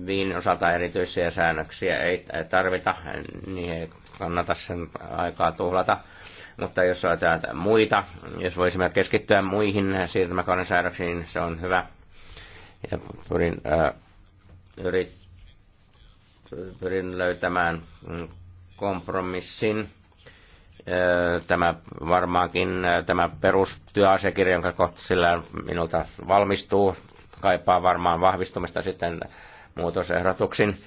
viin osalta erityisiä säännöksiä ei tarvita, niin ei kannata sen aikaa tuhlata. Mutta jos ajatellaan muita, jos voisimme keskittyä muihin siirtymäkauden säädöksiin, niin se on hyvä. Ja pyrin, äh, yrit, pyrin löytämään kompromissin Tämä varmaankin tämä perustyöasiakirja, jonka kohta sillä minulta valmistuu, kaipaa varmaan vahvistumista sitten muutosehdotuksin.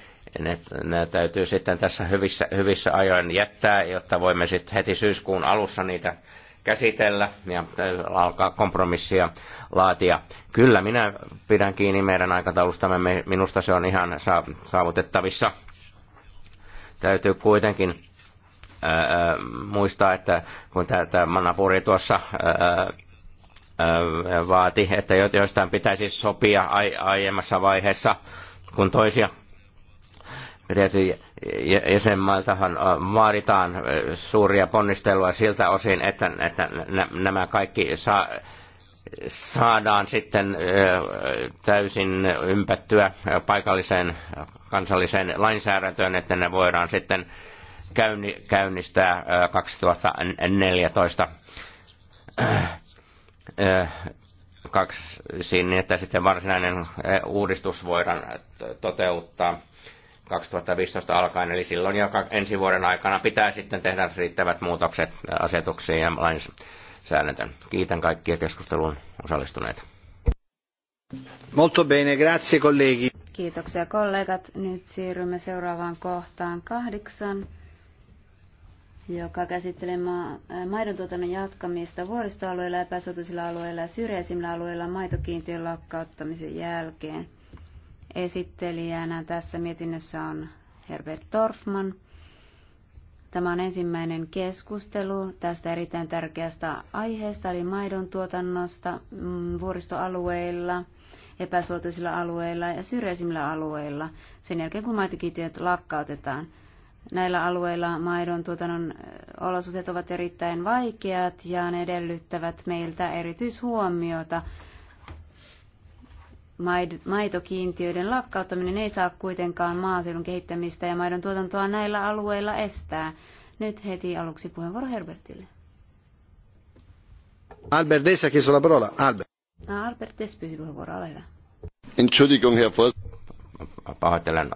Ne, ne täytyy sitten tässä hyvissä, hyvissä ajoin jättää, jotta voimme sitten heti syyskuun alussa niitä käsitellä ja alkaa kompromissia laatia. Kyllä minä pidän kiinni meidän aikataulustamme, minusta se on ihan saavutettavissa. Täytyy kuitenkin muistaa, että kun tämä Manapuri tuossa ää, ää, vaati, että joistain pitäisi sopia ai, aiemmassa vaiheessa kuin toisia. Tietysti jäsenmailtahan vaaditaan suuria ponnistelua siltä osin, että, että nämä kaikki saa, saadaan sitten täysin ympättyä paikalliseen kansalliseen lainsäädäntöön, että ne voidaan sitten käynnistää 2014 kaksi, niin että sitten varsinainen uudistus voidaan toteuttaa 2015 alkaen, eli silloin jo ensi vuoden aikana pitää sitten tehdä riittävät muutokset asetuksiin ja lainsäädäntöön. Kiitän kaikkia keskusteluun osallistuneita. Molto bene, grazie colleghi. Kiitoksia kollegat. Nyt siirrymme seuraavaan kohtaan kahdeksan joka käsittelee ma- äh, maidontuotannon jatkamista vuoristoalueilla, epäsuotuisilla alueilla ja syrjäisimmillä alueilla maitokiintiön lakkauttamisen jälkeen. Esittelijänä tässä mietinnössä on Herbert Torfman. Tämä on ensimmäinen keskustelu tästä erittäin tärkeästä aiheesta, eli maidon tuotannosta mm, vuoristoalueilla, epäsuotuisilla alueilla ja syrjäisimmillä alueilla, sen jälkeen kun maitokiintiöt lakkautetaan – Näillä alueilla maidon tuotannon olosuhteet ovat erittäin vaikeat ja ne edellyttävät meiltä erityishuomiota. Maitokiintiöiden lakkauttaminen ei saa kuitenkaan maaseudun kehittämistä ja maidon tuotantoa näillä alueilla estää. Nyt heti aluksi puheenvuoro Herbertille. Albert Dessa, la parola. Albert. Ah, Albert Dess pyysi puheenvuoroa, ole hyvä. Entschuldigung, Herr Voss pahoittelen,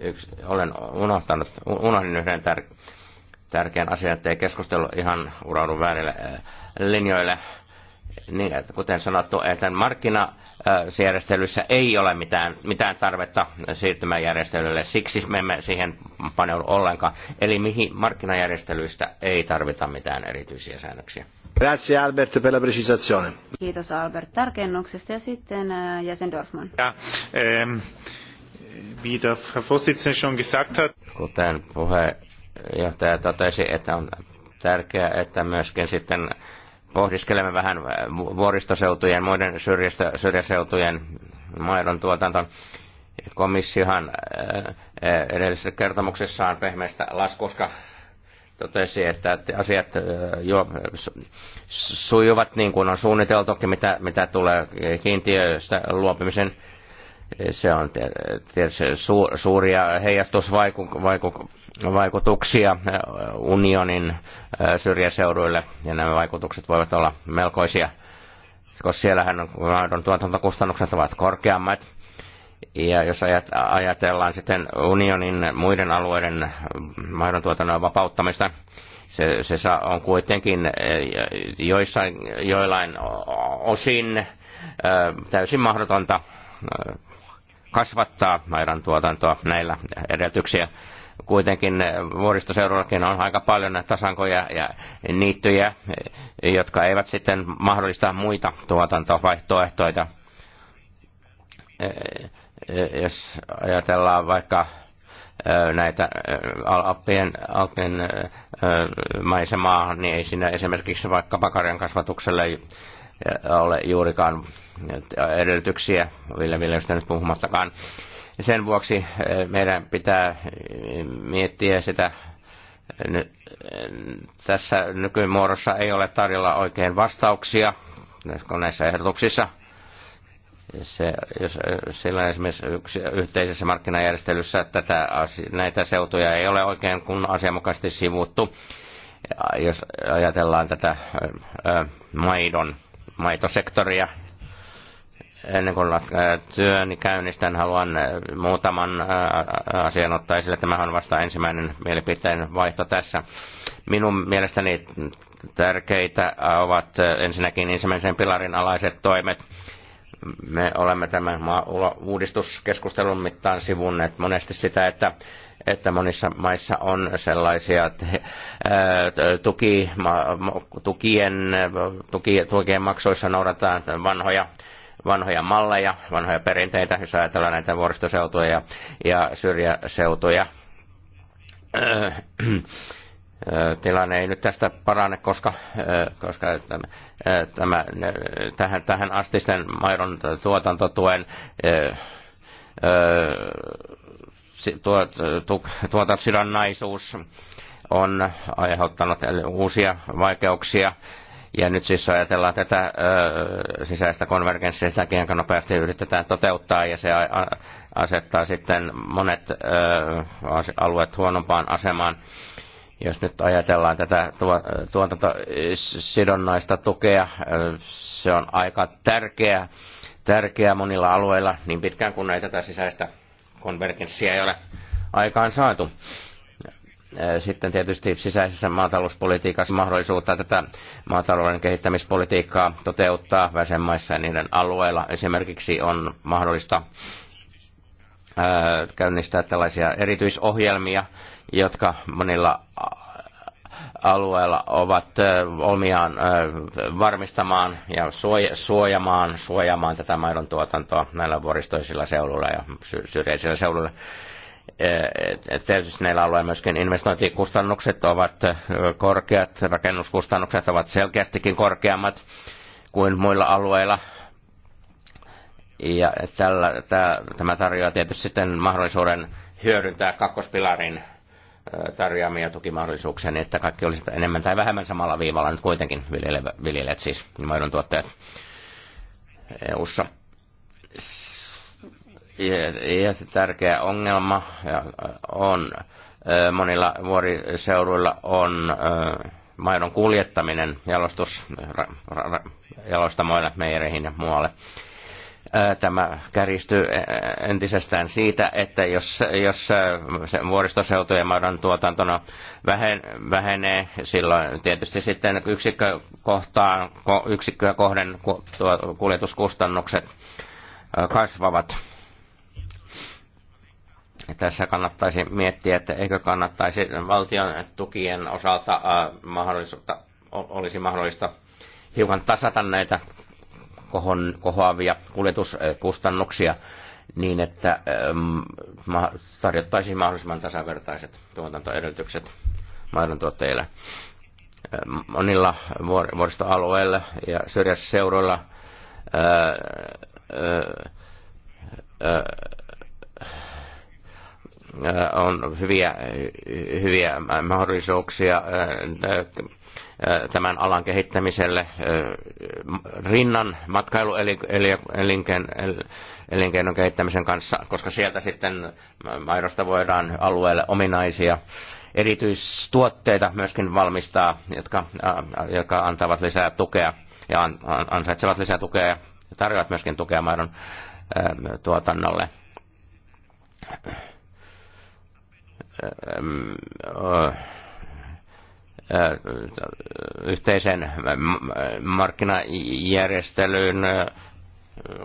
yks, olen unohtanut, unohdin yhden tär- tärkeän asian, ettei keskustelu ihan uraudu väärille linjoille. Niin, että kuten sanottu, että markkinajärjestelyssä ei ole mitään, mitään tarvetta siirtymäjärjestelylle, siksi me emme siihen paneudu ollenkaan. Eli mihin markkinajärjestelyistä ei tarvita mitään erityisiä säännöksiä. Grazie Albert per la precisazione. Kiitos Albert tarkennuksesta ja sitten jäsen Dorfman. Ja, ähm. Kuten puheenjohtaja totesi, että on tärkeää, että myöskin sitten pohdiskelemme vähän vuoristoseutujen, muiden syrjäseutujen maidon tuotanton. Komissiohan eh, eh, edellisessä kertomuksessaan pehmeästä laskuska totesi, että asiat eh, jo sujuvat niin kuin on suunniteltukin, mitä, mitä tulee kiintiöistä luopimisen se on tietysti suuria heijastusvaikutuksia äh, unionin äh, syrjäseuduille, ja nämä vaikutukset voivat olla melkoisia, koska siellähän on tuotantokustannukset ovat korkeammat. Ja jos ajatellaan sitten unionin muiden alueiden tuotannon vapauttamista, se, se on kuitenkin äh, joissain, joillain osin täysin mahdotonta kasvattaa mairan tuotantoa näillä edellytyksiä. Kuitenkin vuoristoseudullakin on aika paljon tasankoja ja niittyjä, jotka eivät sitten mahdollista muita tuotantovaihtoehtoja. Jos ajatellaan vaikka näitä Alppien, Alppien maisemaa, niin ei siinä esimerkiksi vaikka pakarjan kasvatukselle ole juurikaan edellytyksiä viljelystä nyt puhumattakaan. Sen vuoksi eh, meidän pitää eh, miettiä sitä eh, tässä nykymuodossa ei ole tarjolla oikein vastauksia näissä ehdotuksissa. Se, jos silloin esimerkiksi yhteisessä markkinajärjestelyssä tätä, näitä seutuja ei ole oikein kun asianmukaisesti sivuttu, jos ajatellaan tätä ö, maidon maitosektoria. Ennen kuin työni käynnistän, haluan muutaman asian ottaa esille. Tämä on vasta ensimmäinen mielipiteen vaihto tässä. Minun mielestäni tärkeitä ovat ensinnäkin ensimmäisen pilarin alaiset toimet. Me olemme tämän uudistuskeskustelun mittaan sivunneet monesti sitä, että että monissa maissa on sellaisia tuki, tukien, tuki, tukien maksuissa noudataan vanhoja vanhoja malleja, vanhoja perinteitä, jos ajatellaan näitä vuoristoseutuja ja, ja syrjäseutuja. tilanne ei nyt tästä parane, koska, koska tämä, tämä, tähän, tähän astisten maidon tuotantotuen tuotantosidonnaisuus on aiheuttanut uusia vaikeuksia. Ja nyt siis ajatellaan tätä ö, sisäistä konvergenssia, sitäkin aika nopeasti yritetään toteuttaa, ja se asettaa sitten monet ö, alueet huonompaan asemaan. Jos nyt ajatellaan tätä tuotantosidonnaista tukea, se on aika tärkeä, tärkeä monilla alueilla, niin pitkään kuin ei tätä sisäistä konvergenssia ei ole aikaan saatu. Sitten tietysti sisäisessä maatalouspolitiikassa mahdollisuutta tätä maatalouden kehittämispolitiikkaa toteuttaa väsenmaissa ja niiden alueilla. Esimerkiksi on mahdollista käynnistää tällaisia erityisohjelmia, jotka monilla alueella ovat omiaan varmistamaan ja suojamaan, suojamaan tätä maidon tuotantoa näillä vuoristoisilla seuduilla ja syrjäisillä seuduilla. Tietysti näillä alueilla myöskin investointikustannukset ovat korkeat, rakennuskustannukset ovat selkeästikin korkeammat kuin muilla alueilla. Ja tällä, tämä tarjoaa tietysti sitten mahdollisuuden hyödyntää kakkospilarin tarjoamia tukimahdollisuuksia, niin että kaikki olisivat enemmän tai vähemmän samalla viivalla nyt kuitenkin viljelijät siis, maidon tuottajat EU-ssa. Ja se tärkeä ongelma on monilla vuoriseuduilla on maidon kuljettaminen jalostus, ra, ra, jalostamoille, meijereihin ja muualle Tämä kärjistyy entisestään siitä, että jos, jos se vuoristoseutu ja maidon tuotantona no, vähenee, silloin tietysti sitten yksikkökohtaan, yksikköä kohden kuljetuskustannukset kasvavat tässä kannattaisi miettiä, että eikö kannattaisi valtion tukien osalta mahdollisuutta, olisi mahdollista hiukan tasata näitä kohon, kohoavia kuljetuskustannuksia niin, että ähm, tarjottaisiin mahdollisimman tasavertaiset tuotantoedellytykset maidontuottajille. Ähm, monilla vuoristoalueilla ja äh, äh, äh Äh, on hyviä, hyviä mahdollisuuksia äh, äh, tämän alan kehittämiselle rinnan matkailuelinkeinon kehittämisen kanssa, koska sieltä sitten maidosta voidaan alueelle ominaisia erityistuotteita myöskin valmistaa, jotka, jotka antavat lisää tukea ja ansaitsevat lisää tukea ja tarjoavat myöskin tukea maidon tuotannolle. Öö, öö, öö, yhteisen markkinajärjestelyyn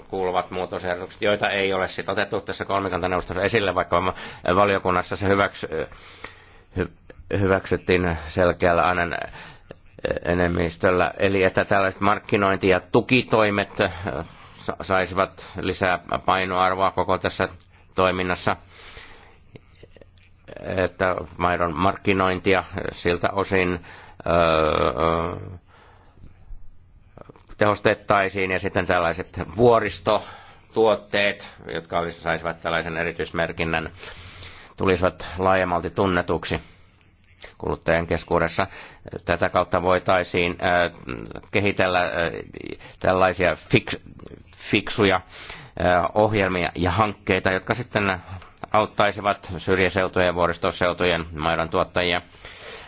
kuuluvat muutosehdotukset, joita ei ole sit otettu tässä kolmikantaneuvostossa esille, vaikka valiokunnassa se hyväksy, hy, hyväksyttiin selkeällä aina enemmistöllä. Eli että tällaiset markkinointi- ja tukitoimet saisivat lisää painoarvoa koko tässä toiminnassa että maidon markkinointia siltä osin tehostettaisiin ja sitten tällaiset vuoristotuotteet, jotka olisi, saisivat tällaisen erityismerkinnän, tulisivat laajemmalti tunnetuksi kuluttajien keskuudessa. Tätä kautta voitaisiin kehitellä tällaisia fiksuja ohjelmia ja hankkeita, jotka sitten auttaisivat syrjäseutujen ja vuoristoseutujen maidon tuottajia.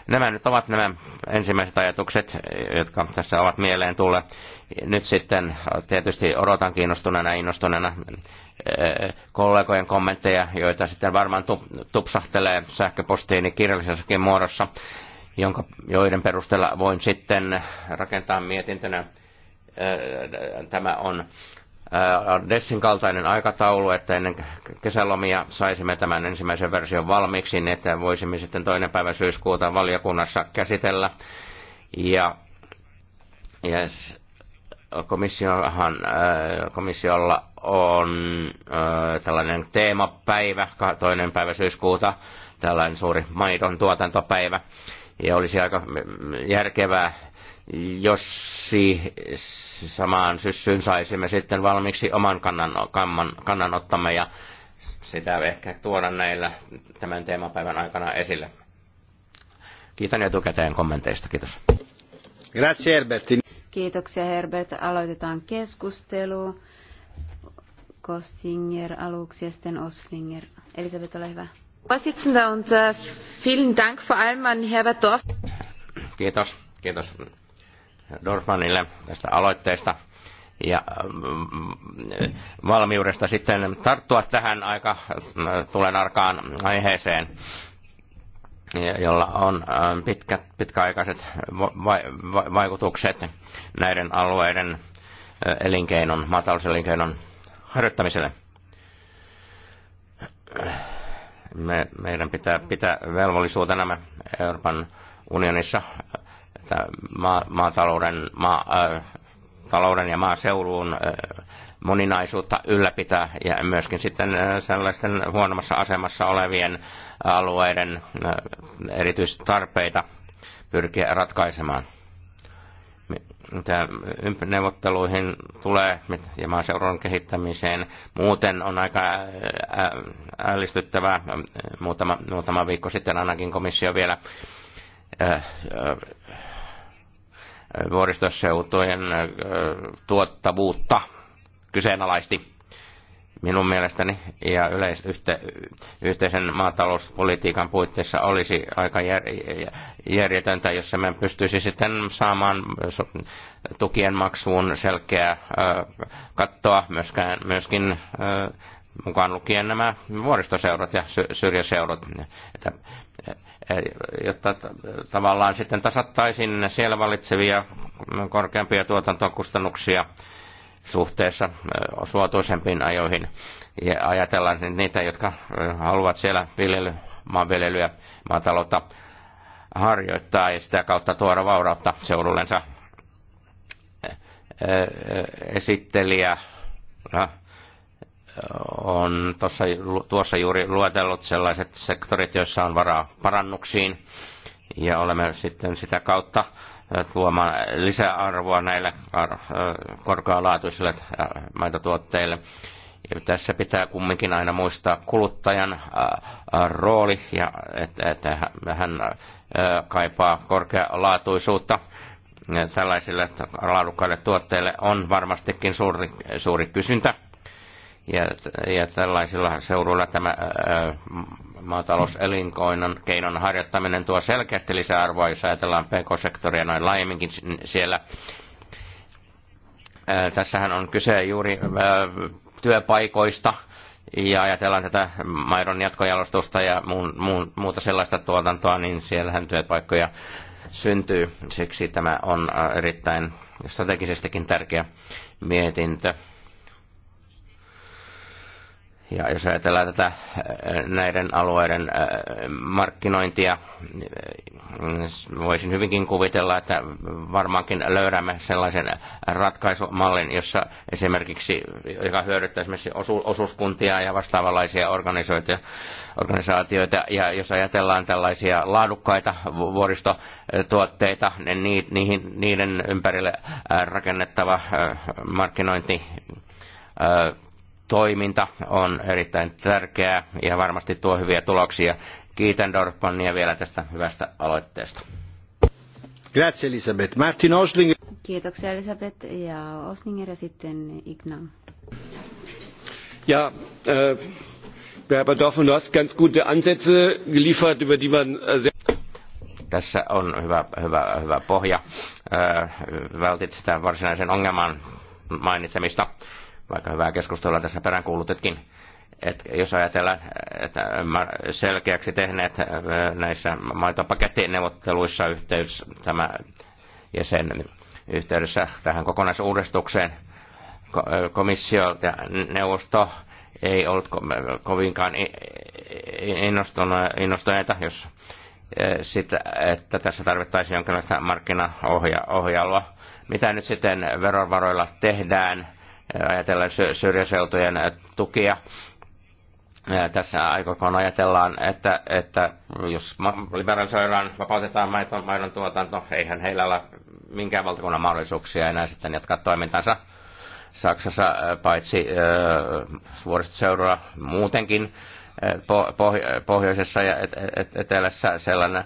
Nämä nyt ovat nämä ensimmäiset ajatukset, jotka tässä ovat mieleen tulle. Nyt sitten tietysti odotan kiinnostuneena ja innostuneena eh, kollegojen kommentteja, joita sitten varmaan tupsahtelee sähköpostiini kirjallisessakin muodossa, jonka, joiden perusteella voin sitten rakentaa mietintönä. Eh, tämä on Dessin kaltainen aikataulu, että ennen kesälomia saisimme tämän ensimmäisen version valmiiksi, niin että voisimme sitten toinen päivä syyskuuta valiokunnassa käsitellä. Ja, ja komissiohan, komissiolla on tällainen teemapäivä, toinen päivä syyskuuta, tällainen suuri maidon tuotantopäivä. Ja olisi aika järkevää, jos samaan syssyyn saisimme sitten valmiiksi oman kannan, kannan, kannanottamme ja sitä ehkä tuoda näillä tämän teemapäivän aikana esille. Kiitän etukäteen kommenteista. Kiitos. Grazie Herbert. Kiitoksia Herbert. Aloitetaan keskustelu. Kostinger aluksi ja sitten Oslinger. Elisabeth, ole hyvä. Vorsitzender und äh, vielen Dank vor allem an Herbert Dorf. Kiitos, kiitos Dorfmanille tästä aloitteesta ja mm, valmiudesta sitten tarttua tähän aika mm, tulen arkaan aiheeseen, jolla on mm, pitkät, pitkäaikaiset vaikutukset näiden alueiden äh, elinkeinon, maatalouselinkeinon harjoittamiselle me, meidän pitää pitää velvollisuutena Euroopan unionissa että maa, maatalouden, maa, äh, talouden ja maaseudun äh, moninaisuutta ylläpitää ja myöskin sitten äh, sellaisten huonommassa asemassa olevien alueiden äh, erityistarpeita pyrkiä ratkaisemaan mitä neuvotteluihin tulee ja maaseudun kehittämiseen. Muuten on aika ällistyttävää. Muutama, muutama viikko sitten ainakin komissio vielä vuoristoseutujen tuottavuutta kyseenalaisti minun mielestäni ja yleis- yhte- yhteisen maatalouspolitiikan puitteissa olisi aika jär- järjetöntä, jos me pystyisi sitten saamaan tukien maksuun selkeää kattoa, myöskään, myöskin mukaan lukien nämä vuoristoseurat ja syrjäseurat, että, e, jotta tavallaan sitten tasattaisiin siellä valitsevia korkeampia tuotantokustannuksia suhteessa suotuisempiin ajoihin. Ja ajatellaan niitä, jotka haluavat siellä viljely, maanviljelyä, maataloutta harjoittaa ja sitä kautta tuoda vaurautta seudullensa esittelijä no, on tuossa, tuossa juuri luetellut sellaiset sektorit, joissa on varaa parannuksiin ja olemme sitten sitä kautta tuomaan lisäarvoa näille korkealaatuisille maitotuotteille. Ja tässä pitää kumminkin aina muistaa kuluttajan rooli, ja että et hän kaipaa korkealaatuisuutta. Tällaisille laadukkaille tuotteille on varmastikin suuri, suuri kysyntä ja, ja tällaisilla seuduilla tämä ää, keinon harjoittaminen tuo selkeästi lisäarvoa, jos ajatellaan pk-sektoria noin laajemminkin siellä. Ää, tässähän on kyse juuri ää, työpaikoista, ja ajatellaan tätä maidon jatkojalostusta ja muun, muun, muuta sellaista tuotantoa, niin siellähän työpaikkoja syntyy. Siksi tämä on erittäin strategisestikin tärkeä mietintö. Ja jos ajatellaan tätä äh, näiden alueiden äh, markkinointia, äh, voisin hyvinkin kuvitella, että varmaankin löydämme sellaisen ratkaisumallin, jossa esimerkiksi, joka hyödyttää esimerkiksi osuuskuntia ja vastaavanlaisia organisaatioita. Ja jos ajatellaan tällaisia laadukkaita vuoristotuotteita, niin niihin, niiden ympärille rakennettava markkinointi toiminta on erittäin tärkeää ja varmasti tuo hyviä tuloksia. Kiitän Dorfmannia vielä tästä hyvästä aloitteesta. Grazie Elisabeth. Martin Oslinger. Kiitoksia Elisabeth ja Oslinger ja sitten Ignan. Ja, äh, Herbert Dorfmann, du hast ganz gute Ansätze geliefert, über die man äh, sehr tässä on hyvä, hyvä, hyvä pohja. Äh, vältit sitä varsinaisen ongelman mainitsemista vaikka hyvää keskustelua tässä peräänkuulutetkin. että jos ajatellaan, että selkeäksi tehneet äh, näissä neuvotteluissa yhteys tämä ja sen yhteydessä tähän kokonaisuudistukseen äh, komissio ja neuvosto ei ollut kovinkaan innostuneita, jos äh, sitä, että tässä tarvittaisiin jonkinlaista markkinaohjailua. Mitä nyt sitten verovaroilla tehdään? ajatellen syrjäseutujen äh, tukia. Äh, tässä aikakoon ajatellaan, että, että jos liberalisoidaan, vapautetaan maidon, maidon tuotanto, eihän heillä ole minkään valtakunnan mahdollisuuksia enää sitten jatkaa toimintansa. Saksassa äh, paitsi vuoristoseudulla muutenkin pohjoisessa ja etelässä sellainen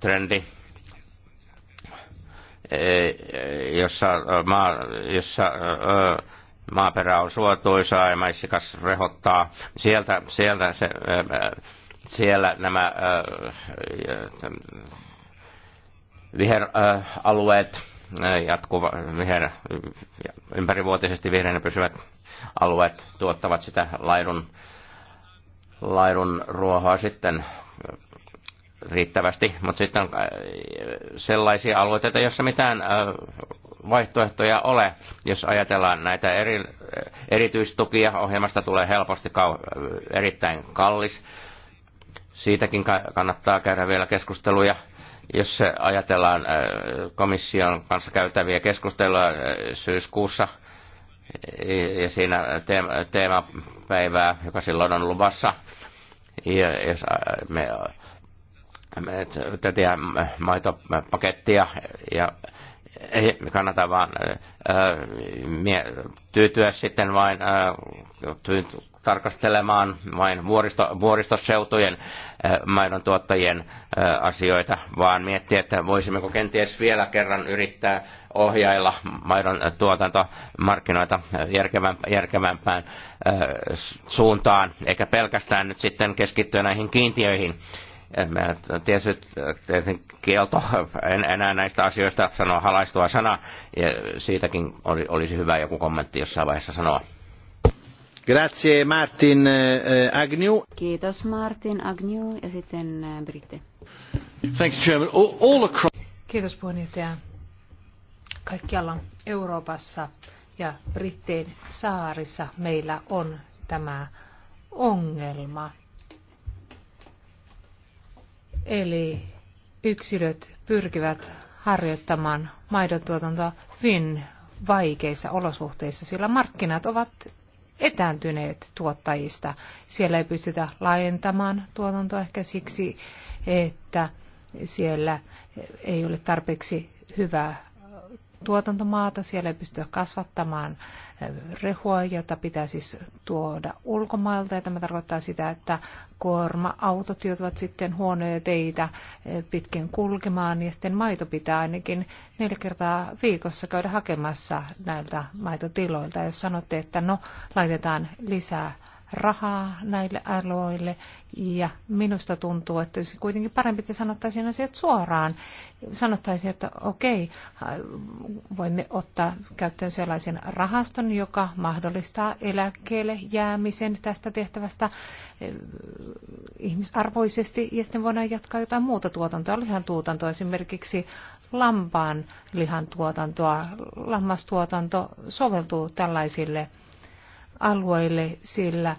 trendi jossa, maa, jossa maaperä on suotuisaa ja maissikas rehottaa. Sieltä, sieltä se, siellä nämä viheralueet jatkuva, viher, ympärivuotisesti vihreänä pysyvät alueet tuottavat sitä laidun, laidun ruohoa sitten riittävästi, mutta sitten on äh, sellaisia alueita, joissa mitään äh, vaihtoehtoja ole. Jos ajatellaan näitä eri, äh, erityistukia, ohjelmasta tulee helposti kau, erittäin kallis. Siitäkin kannattaa käydä vielä keskusteluja. Jos ajatellaan komission kanssa käytäviä keskusteluja syyskuussa ja siinä teemapäivää, joka silloin on luvassa, ja jos me tätä maitopakettia ja ei kannata vaan tyytyä sitten vain tarkastelemaan vain vuoristo, vuoristoseutujen maidon tuottajien asioita, vaan miettiä, että voisimmeko kenties vielä kerran yrittää ohjailla maidon tuotantomarkkinoita järkevämpään suuntaan, eikä pelkästään nyt sitten keskittyä näihin kiintiöihin tietysti kielto, en enää näistä asioista sanoa halaistua sana, ja siitäkin olisi hyvä joku kommentti jossain vaiheessa sanoa. Grazie Martin eh, Agnew. Kiitos Martin Agnew ja sitten eh, Britte. Thank you, Chairman. All, across... Kiitos puheenjohtaja. Kaikkialla Euroopassa ja Brittein saarissa meillä on tämä ongelma – Eli yksilöt pyrkivät harjoittamaan maidontuotantoa hyvin vaikeissa olosuhteissa, sillä markkinat ovat etääntyneet tuottajista. Siellä ei pystytä laajentamaan tuotantoa ehkä siksi, että siellä ei ole tarpeeksi hyvää tuotantomaata, siellä ei pystyä kasvattamaan rehua, jota pitää siis tuoda ulkomailta. Ja tämä tarkoittaa sitä, että kuorma-autot joutuvat sitten huonoja teitä pitkin kulkemaan ja sitten maito pitää ainakin neljä kertaa viikossa käydä hakemassa näiltä maitotiloilta. Jos sanotte, että no laitetaan lisää rahaa näille aloille ja minusta tuntuu, että olisi kuitenkin parempi, että sanottaisiin asiat suoraan. Sanottaisiin, että okei, voimme ottaa käyttöön sellaisen rahaston, joka mahdollistaa eläkkeelle jäämisen tästä tehtävästä eh, ihmisarvoisesti ja sitten voidaan jatkaa jotain muuta tuotantoa, lihantuotantoa esimerkiksi lampaan lihan tuotantoa, lammastuotanto soveltuu tällaisille alueille, sillä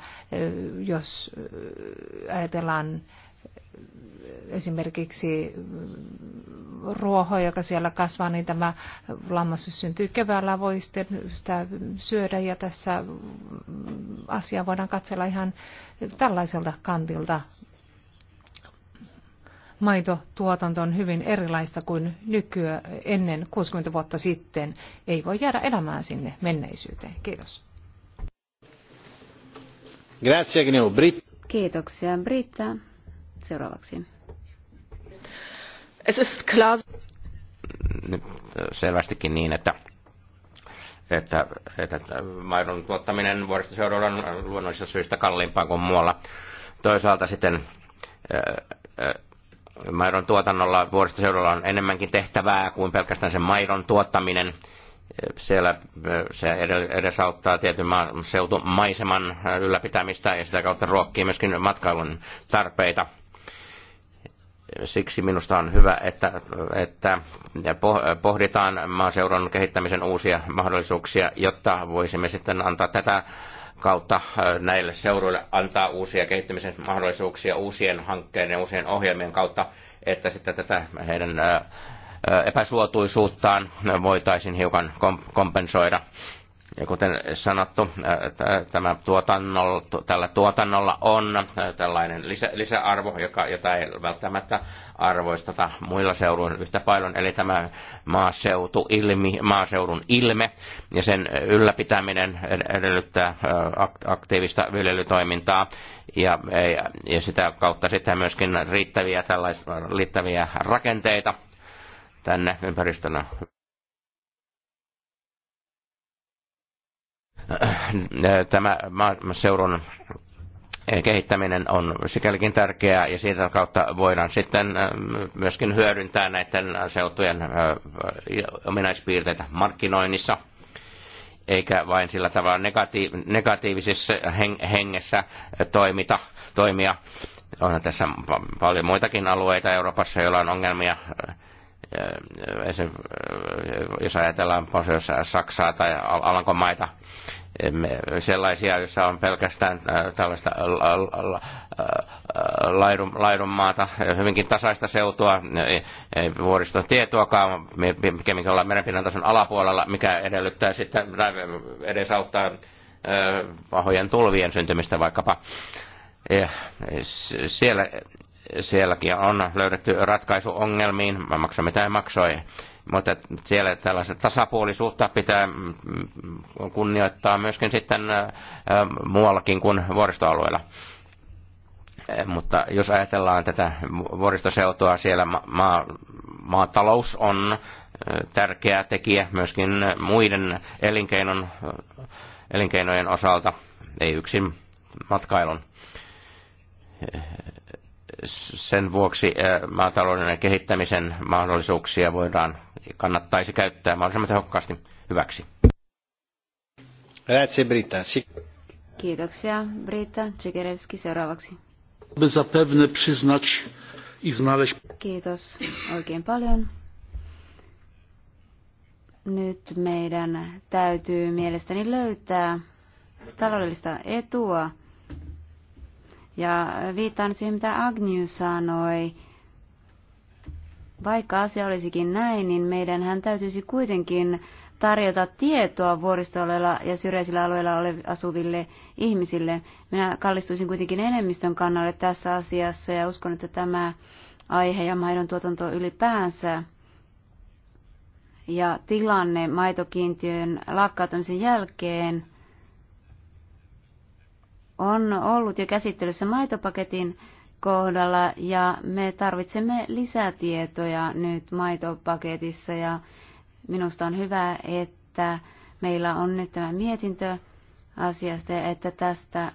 jos ajatellaan esimerkiksi ruohoa, joka siellä kasvaa, niin tämä lammas syntyy keväällä, voi sitten sitä syödä ja tässä asiaa voidaan katsella ihan tällaiselta kantilta. Maitotuotanto on hyvin erilaista kuin nykyään ennen 60 vuotta sitten. Ei voi jäädä elämään sinne menneisyyteen. Kiitos. Grazie, Gneu. Brit. Kiitoksia, Britta. Seuraavaksi. Es ist klar. Nyt selvästikin niin, että että, että maidon tuottaminen vuoristoseudulla on luonnollisista syistä kalliimpaa kuin muualla. Toisaalta sitten maidon tuotannolla vuoristoseudulla on enemmänkin tehtävää kuin pelkästään sen maidon tuottaminen – siellä eh, se edesauttaa tietyn seutumaiseman eh, ylläpitämistä ja sitä kautta ruokkii myöskin matkailun tarpeita. Siksi minusta on hyvä, että, että pohditaan maaseudun kehittämisen uusia mahdollisuuksia, jotta voisimme sitten antaa tätä kautta eh, näille seuduille antaa uusia kehittämisen mahdollisuuksia uusien hankkeiden ja uusien ohjelmien kautta, että sitten tätä heidän epäsuotuisuuttaan voitaisiin hiukan kompensoida. Ja kuten sanottu, tämä tuotannolla, tällä tuotannolla on tällainen lisä, lisäarvo, joka, jota ei välttämättä arvoisteta muilla seuduilla yhtä paljon, eli tämä maaseutu, ilmi, maaseudun ilme ja sen ylläpitäminen edellyttää aktiivista viljelytoimintaa ja, ja sitä kautta sitten myöskin riittäviä, tällaisia riittäviä rakenteita tänne ympäristönä. Tämä maaseudun kehittäminen on sikälikin tärkeää ja siitä kautta voidaan sitten myöskin hyödyntää näiden seutujen ominaispiirteitä markkinoinnissa eikä vain sillä tavalla negatiiv- negatiivisessa hengessä toimita, toimia. On tässä paljon muitakin alueita Euroopassa, joilla on ongelmia Äh, äh, esim, äh, jos ajatellaan pohjois Saksaa tai Alankomaita, sellaisia, joissa on pelkästään tällaista laidun, laidunmaata, hyvinkin tasaista seutua, ei, ei tietoakaan, mikä ollaan merenpinnan tason alapuolella, mikä edellyttää sitten, tai edesauttaa pahojen tulvien syntymistä vaikkapa. Ja siellä sielläkin on löydetty ratkaisu ongelmiin, maksan mitä maksoi. Mutta siellä tällaista tasapuolisuutta pitää mm, mm, kunnioittaa myöskin sitten äh, muuallakin kuin vuoristoalueella. Äh, mutta jos ajatellaan tätä vuoristoseutua, siellä ma- maatalous on äh, tärkeä tekijä myöskin muiden elinkeinon, elinkeinojen osalta, ei yksin matkailun sen vuoksi maatalouden kehittämisen mahdollisuuksia voidaan, kannattaisi käyttää mahdollisimman tehokkaasti hyväksi. Grazie Britta. Kiitoksia Brita Czekerewski seuraavaksi. Zapewne przyznać i znaleźć... Kiitos oikein paljon. Nyt meidän täytyy mielestäni löytää taloudellista etua ja viittaan siihen, mitä Agnew sanoi. Vaikka asia olisikin näin, niin meidän hän täytyisi kuitenkin tarjota tietoa vuoristoalueilla ja syrjäisillä alueilla asuville ihmisille. Minä kallistuisin kuitenkin enemmistön kannalle tässä asiassa ja uskon, että tämä aihe ja maidon tuotanto ylipäänsä ja tilanne maitokiintiön lakkautumisen jälkeen on ollut jo käsittelyssä maitopaketin kohdalla ja me tarvitsemme lisätietoja nyt maitopaketissa ja minusta on hyvä, että meillä on nyt tämä mietintö asiasta ja että tästä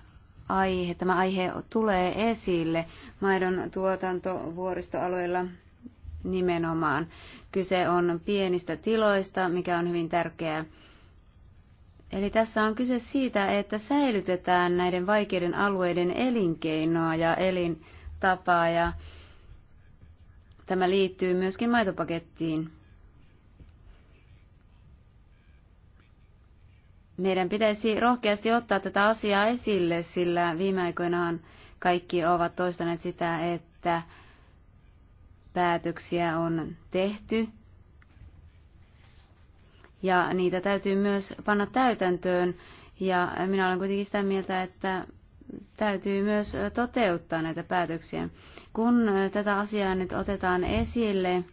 aihe, tämä aihe tulee esille maidon tuotanto nimenomaan. Kyse on pienistä tiloista, mikä on hyvin tärkeää Eli tässä on kyse siitä, että säilytetään näiden vaikeiden alueiden elinkeinoa ja elintapaa ja tämä liittyy myöskin maitopakettiin. Meidän pitäisi rohkeasti ottaa tätä asiaa esille, sillä viime aikoinaan kaikki ovat toistaneet sitä, että päätöksiä on tehty – ja niitä täytyy myös panna täytäntöön. Ja minä olen kuitenkin sitä mieltä, että täytyy myös toteuttaa näitä päätöksiä. Kun tätä asiaa nyt otetaan esille,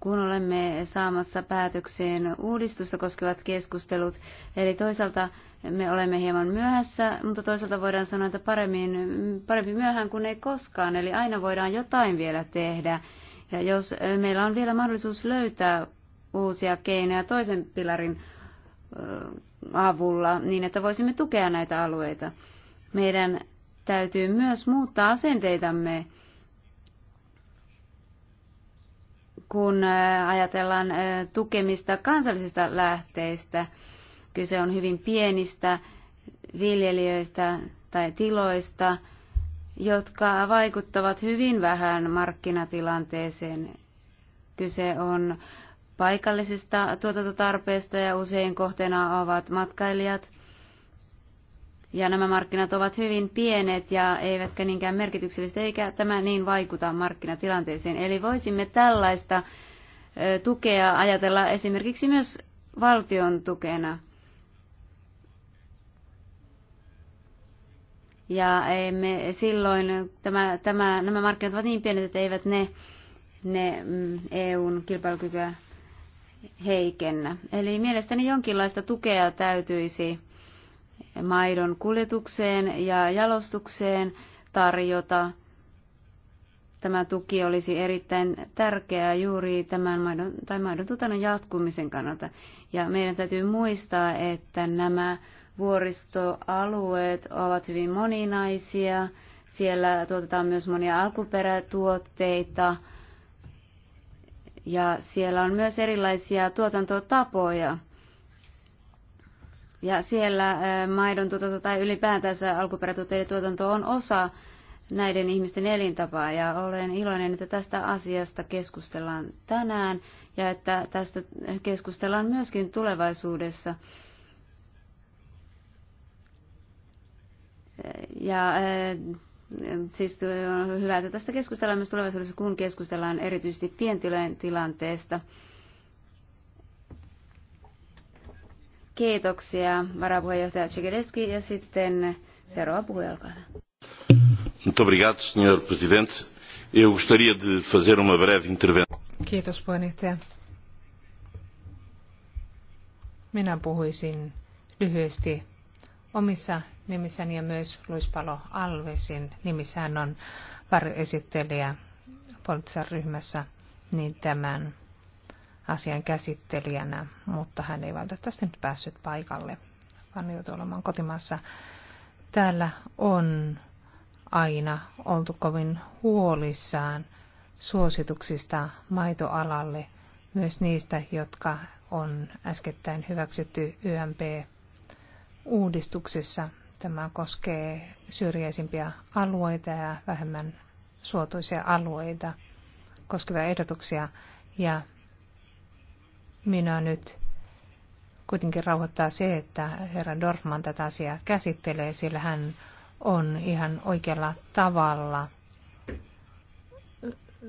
kun olemme saamassa päätökseen uudistusta koskevat keskustelut. Eli toisaalta me olemme hieman myöhässä, mutta toisaalta voidaan sanoa, että paremmin, parempi myöhään kuin ei koskaan. Eli aina voidaan jotain vielä tehdä. Ja jos meillä on vielä mahdollisuus löytää uusia keinoja toisen pilarin avulla niin, että voisimme tukea näitä alueita. Meidän täytyy myös muuttaa asenteitamme, kun ajatellaan tukemista kansallisista lähteistä. Kyse on hyvin pienistä viljelijöistä tai tiloista, jotka vaikuttavat hyvin vähän markkinatilanteeseen. Kyse on paikallisista tuotantotarpeista ja usein kohteena ovat matkailijat. Ja nämä markkinat ovat hyvin pienet ja eivätkä niinkään merkitykselliset, eikä tämä niin vaikuta markkinatilanteeseen. Eli voisimme tällaista tukea ajatella esimerkiksi myös valtion tukena. Ja emme silloin tämä, tämä, nämä markkinat ovat niin pienet, että eivät ne, ne mm, EUn kilpailukykyä heikennä. Eli mielestäni jonkinlaista tukea täytyisi maidon kuljetukseen ja jalostukseen tarjota. Tämä tuki olisi erittäin tärkeää juuri tämän maidon, tai maidon tuotannon jatkumisen kannalta. Ja meidän täytyy muistaa, että nämä vuoristoalueet ovat hyvin moninaisia. Siellä tuotetaan myös monia alkuperätuotteita ja siellä on myös erilaisia tuotantotapoja. Ja siellä äh, maidon tuotanto tai ylipäätänsä alkuperätuotteiden tuotanto on osa näiden ihmisten elintapaa ja olen iloinen, että tästä asiasta keskustellaan tänään ja että tästä keskustellaan myöskin tulevaisuudessa. Ja äh, Siis on hyvä, että tästä keskustellaan myös tulevaisuudessa, kun keskustellaan erityisesti pientilojen tilanteesta. Kiitoksia varapuheenjohtaja Tsekedeski ja sitten seuraava puhuja, olkaa hyvä. Muito obrigado, senhor presidente. Eu gostaria de fazer uma breve intervenção. Kiitos puheenjohtaja. Minä puhuisin lyhyesti omissa nimissäni ja myös Luis Palo Alvesin nimissä. Hän on varjoesittelijä poliittisessa ryhmässä niin tämän asian käsittelijänä, mutta hän ei valitettavasti nyt päässyt paikalle, vaan joutui olemaan kotimaassa. Täällä on aina oltu kovin huolissaan suosituksista maitoalalle, myös niistä, jotka on äskettäin hyväksytty YMP uudistuksessa. Tämä koskee syrjäisimpiä alueita ja vähemmän suotuisia alueita koskevia ehdotuksia. Ja minä nyt kuitenkin rauhoittaa se, että herra Dorfman tätä asiaa käsittelee, sillä hän on ihan oikealla tavalla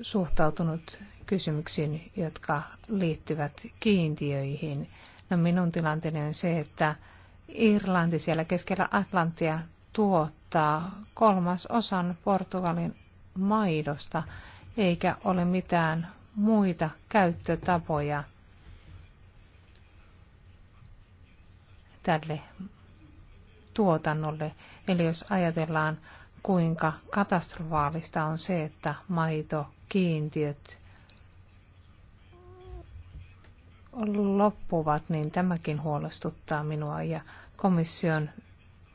suhtautunut kysymyksiin, jotka liittyvät kiintiöihin. No minun tilanteeni on se, että Irlanti siellä keskellä Atlantia tuottaa kolmas osan Portugalin maidosta, eikä ole mitään muita käyttötapoja tälle tuotannolle. Eli jos ajatellaan, kuinka katastrofaalista on se, että maito kiintiöt loppuvat, niin tämäkin huolestuttaa minua ja komission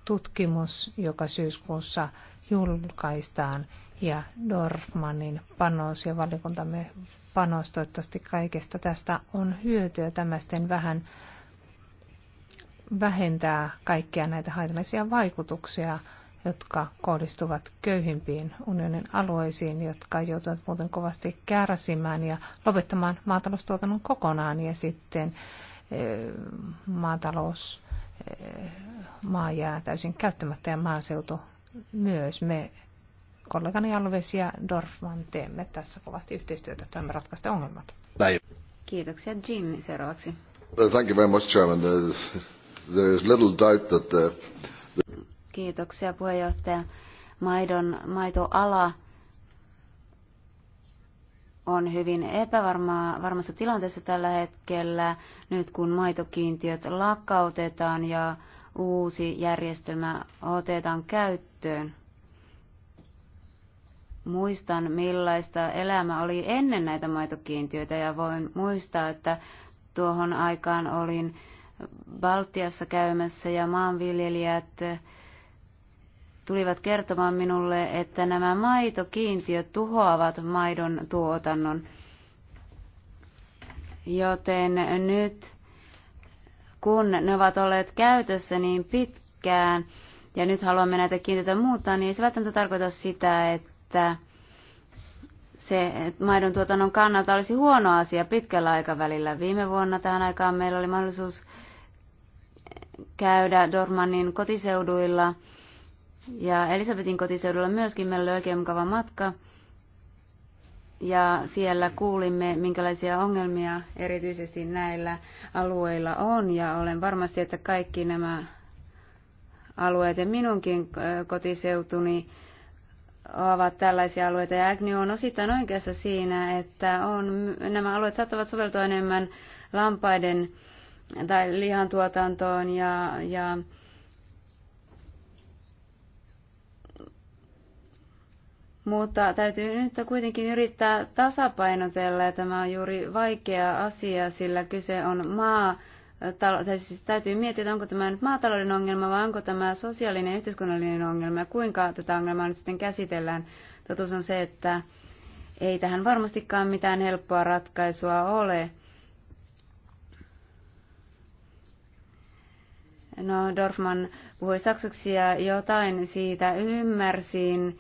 tutkimus, joka syyskuussa julkaistaan ja Dorfmanin panos ja valikuntamme panos toivottavasti kaikesta tästä on hyötyä. Tämä sitten vähän vähentää kaikkia näitä haitallisia vaikutuksia jotka kohdistuvat köyhimpiin unionin alueisiin, jotka joutuvat muuten kovasti kärsimään ja lopettamaan maataloustuotannon kokonaan ja sitten eh, maatalousmaa eh, jää täysin käyttämättä ja maaseutu myös. Me kollegani Alves ja Dorfman teemme tässä kovasti yhteistyötä, että me ratkaista ongelmat. Näin. Kiitoksia Jim seuraavaksi. Thank you very much, Chairman. There is little doubt that the Kiitoksia puheenjohtaja. Maidon, maitoala on hyvin epävarmaa varmassa tilanteessa tällä hetkellä, nyt kun maitokiintiöt lakkautetaan ja uusi järjestelmä otetaan käyttöön. Muistan, millaista elämä oli ennen näitä maitokiintiöitä ja voin muistaa, että tuohon aikaan olin Baltiassa käymässä ja maanviljelijät tulivat kertomaan minulle, että nämä maitokiintiöt tuhoavat maidon tuotannon. Joten nyt, kun ne ovat olleet käytössä niin pitkään, ja nyt haluamme näitä kiintiöitä muuttaa, niin ei se välttämättä tarkoita sitä, että se maidon tuotannon kannalta olisi huono asia pitkällä aikavälillä. Viime vuonna tähän aikaan meillä oli mahdollisuus käydä Dormanin kotiseuduilla – ja Elisabetin kotiseudulla myöskin meillä oli oikein mukava matka. Ja siellä kuulimme, minkälaisia ongelmia erityisesti näillä alueilla on. Ja olen varmasti, että kaikki nämä alueet ja minunkin kotiseutuni ovat tällaisia alueita. Ja Agnew on osittain oikeassa siinä, että on, nämä alueet saattavat soveltua enemmän lampaiden tai lihantuotantoon ja, ja Mutta täytyy nyt kuitenkin yrittää tasapainotella, ja tämä on juuri vaikea asia, sillä kyse on maa, Talo, tai siis täytyy miettiä, onko tämä nyt maatalouden ongelma vai onko tämä sosiaalinen ja yhteiskunnallinen ongelma ja kuinka tätä ongelmaa nyt sitten käsitellään. Totuus on se, että ei tähän varmastikaan mitään helppoa ratkaisua ole. No, Dorfman puhui saksaksi ja jotain siitä ymmärsin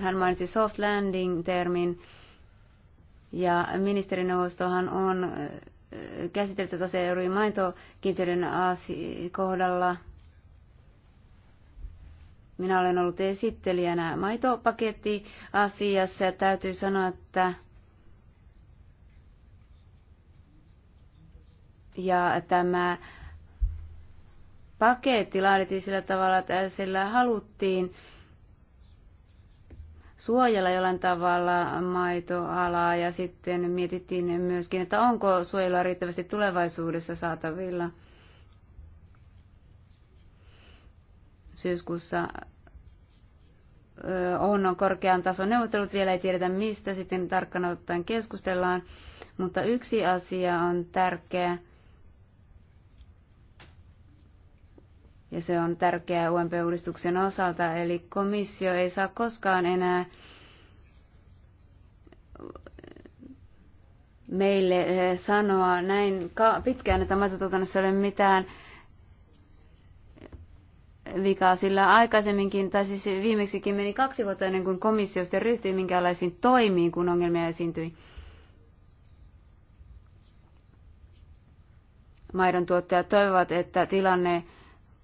Hän mainitsi soft landing-termin, ja ministerineuvostohan on käsitellyt tätä se juuri maitokiintiöiden kohdalla. Minä olen ollut esittelijänä maitopaketti asiassa ja täytyy sanoa, että ja tämä paketti laadittiin sillä tavalla, että sillä haluttiin suojella jollain tavalla maitoalaa ja sitten mietittiin myöskin, että onko suojelua riittävästi tulevaisuudessa saatavilla. Syyskuussa on korkean tason neuvottelut, vielä ei tiedetä mistä, sitten tarkkaan ottaen keskustellaan, mutta yksi asia on tärkeä – ja se on tärkeää UMP-uudistuksen osalta, eli komissio ei saa koskaan enää meille eh, sanoa näin pitkään, että maitotuotannossa ei ole mitään vikaa, sillä aikaisemminkin, tai siis viimeksikin meni kaksi vuotta ennen kuin komissio sitten ryhtyi minkäänlaisiin toimiin, kun ongelmia esiintyi. Maidon tuottajat toivovat, että tilanne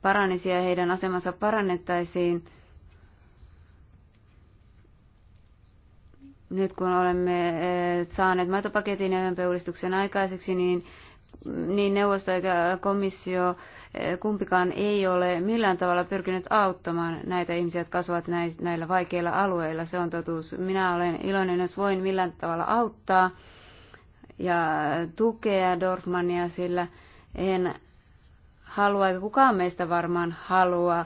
paranisi ja heidän asemansa parannettaisiin. Nyt kun olemme eh, saaneet maitopaketin ja uudistuksen aikaiseksi, niin niin neuvosto eikä komissio eh, kumpikaan ei ole millään tavalla pyrkinyt auttamaan näitä ihmisiä, jotka kasvavat näillä vaikeilla alueilla. Se on totuus. Minä olen iloinen, jos voin millään tavalla auttaa ja tukea Dorfmania, sillä en halua, eikä kukaan meistä varmaan halua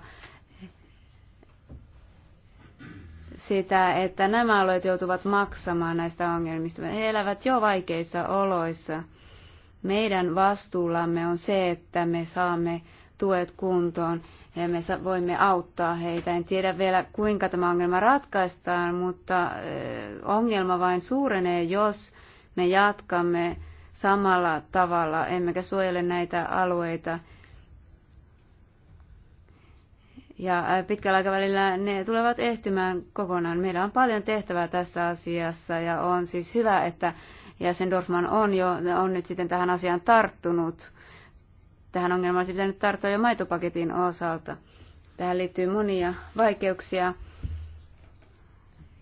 sitä, että nämä alueet joutuvat maksamaan näistä ongelmista. He elävät jo vaikeissa oloissa. Meidän vastuullamme on se, että me saamme tuet kuntoon ja me voimme auttaa heitä. En tiedä vielä kuinka tämä ongelma ratkaistaan, mutta ongelma vain suurenee, jos me jatkamme samalla tavalla, emmekä suojele näitä alueita ja pitkällä aikavälillä ne tulevat ehtymään kokonaan. Meillä on paljon tehtävää tässä asiassa ja on siis hyvä, että jäsen Dorfman on, jo, on nyt sitten tähän asiaan tarttunut. Tähän ongelmaan olisi pitänyt tarttua jo maitopaketin osalta. Tähän liittyy monia vaikeuksia.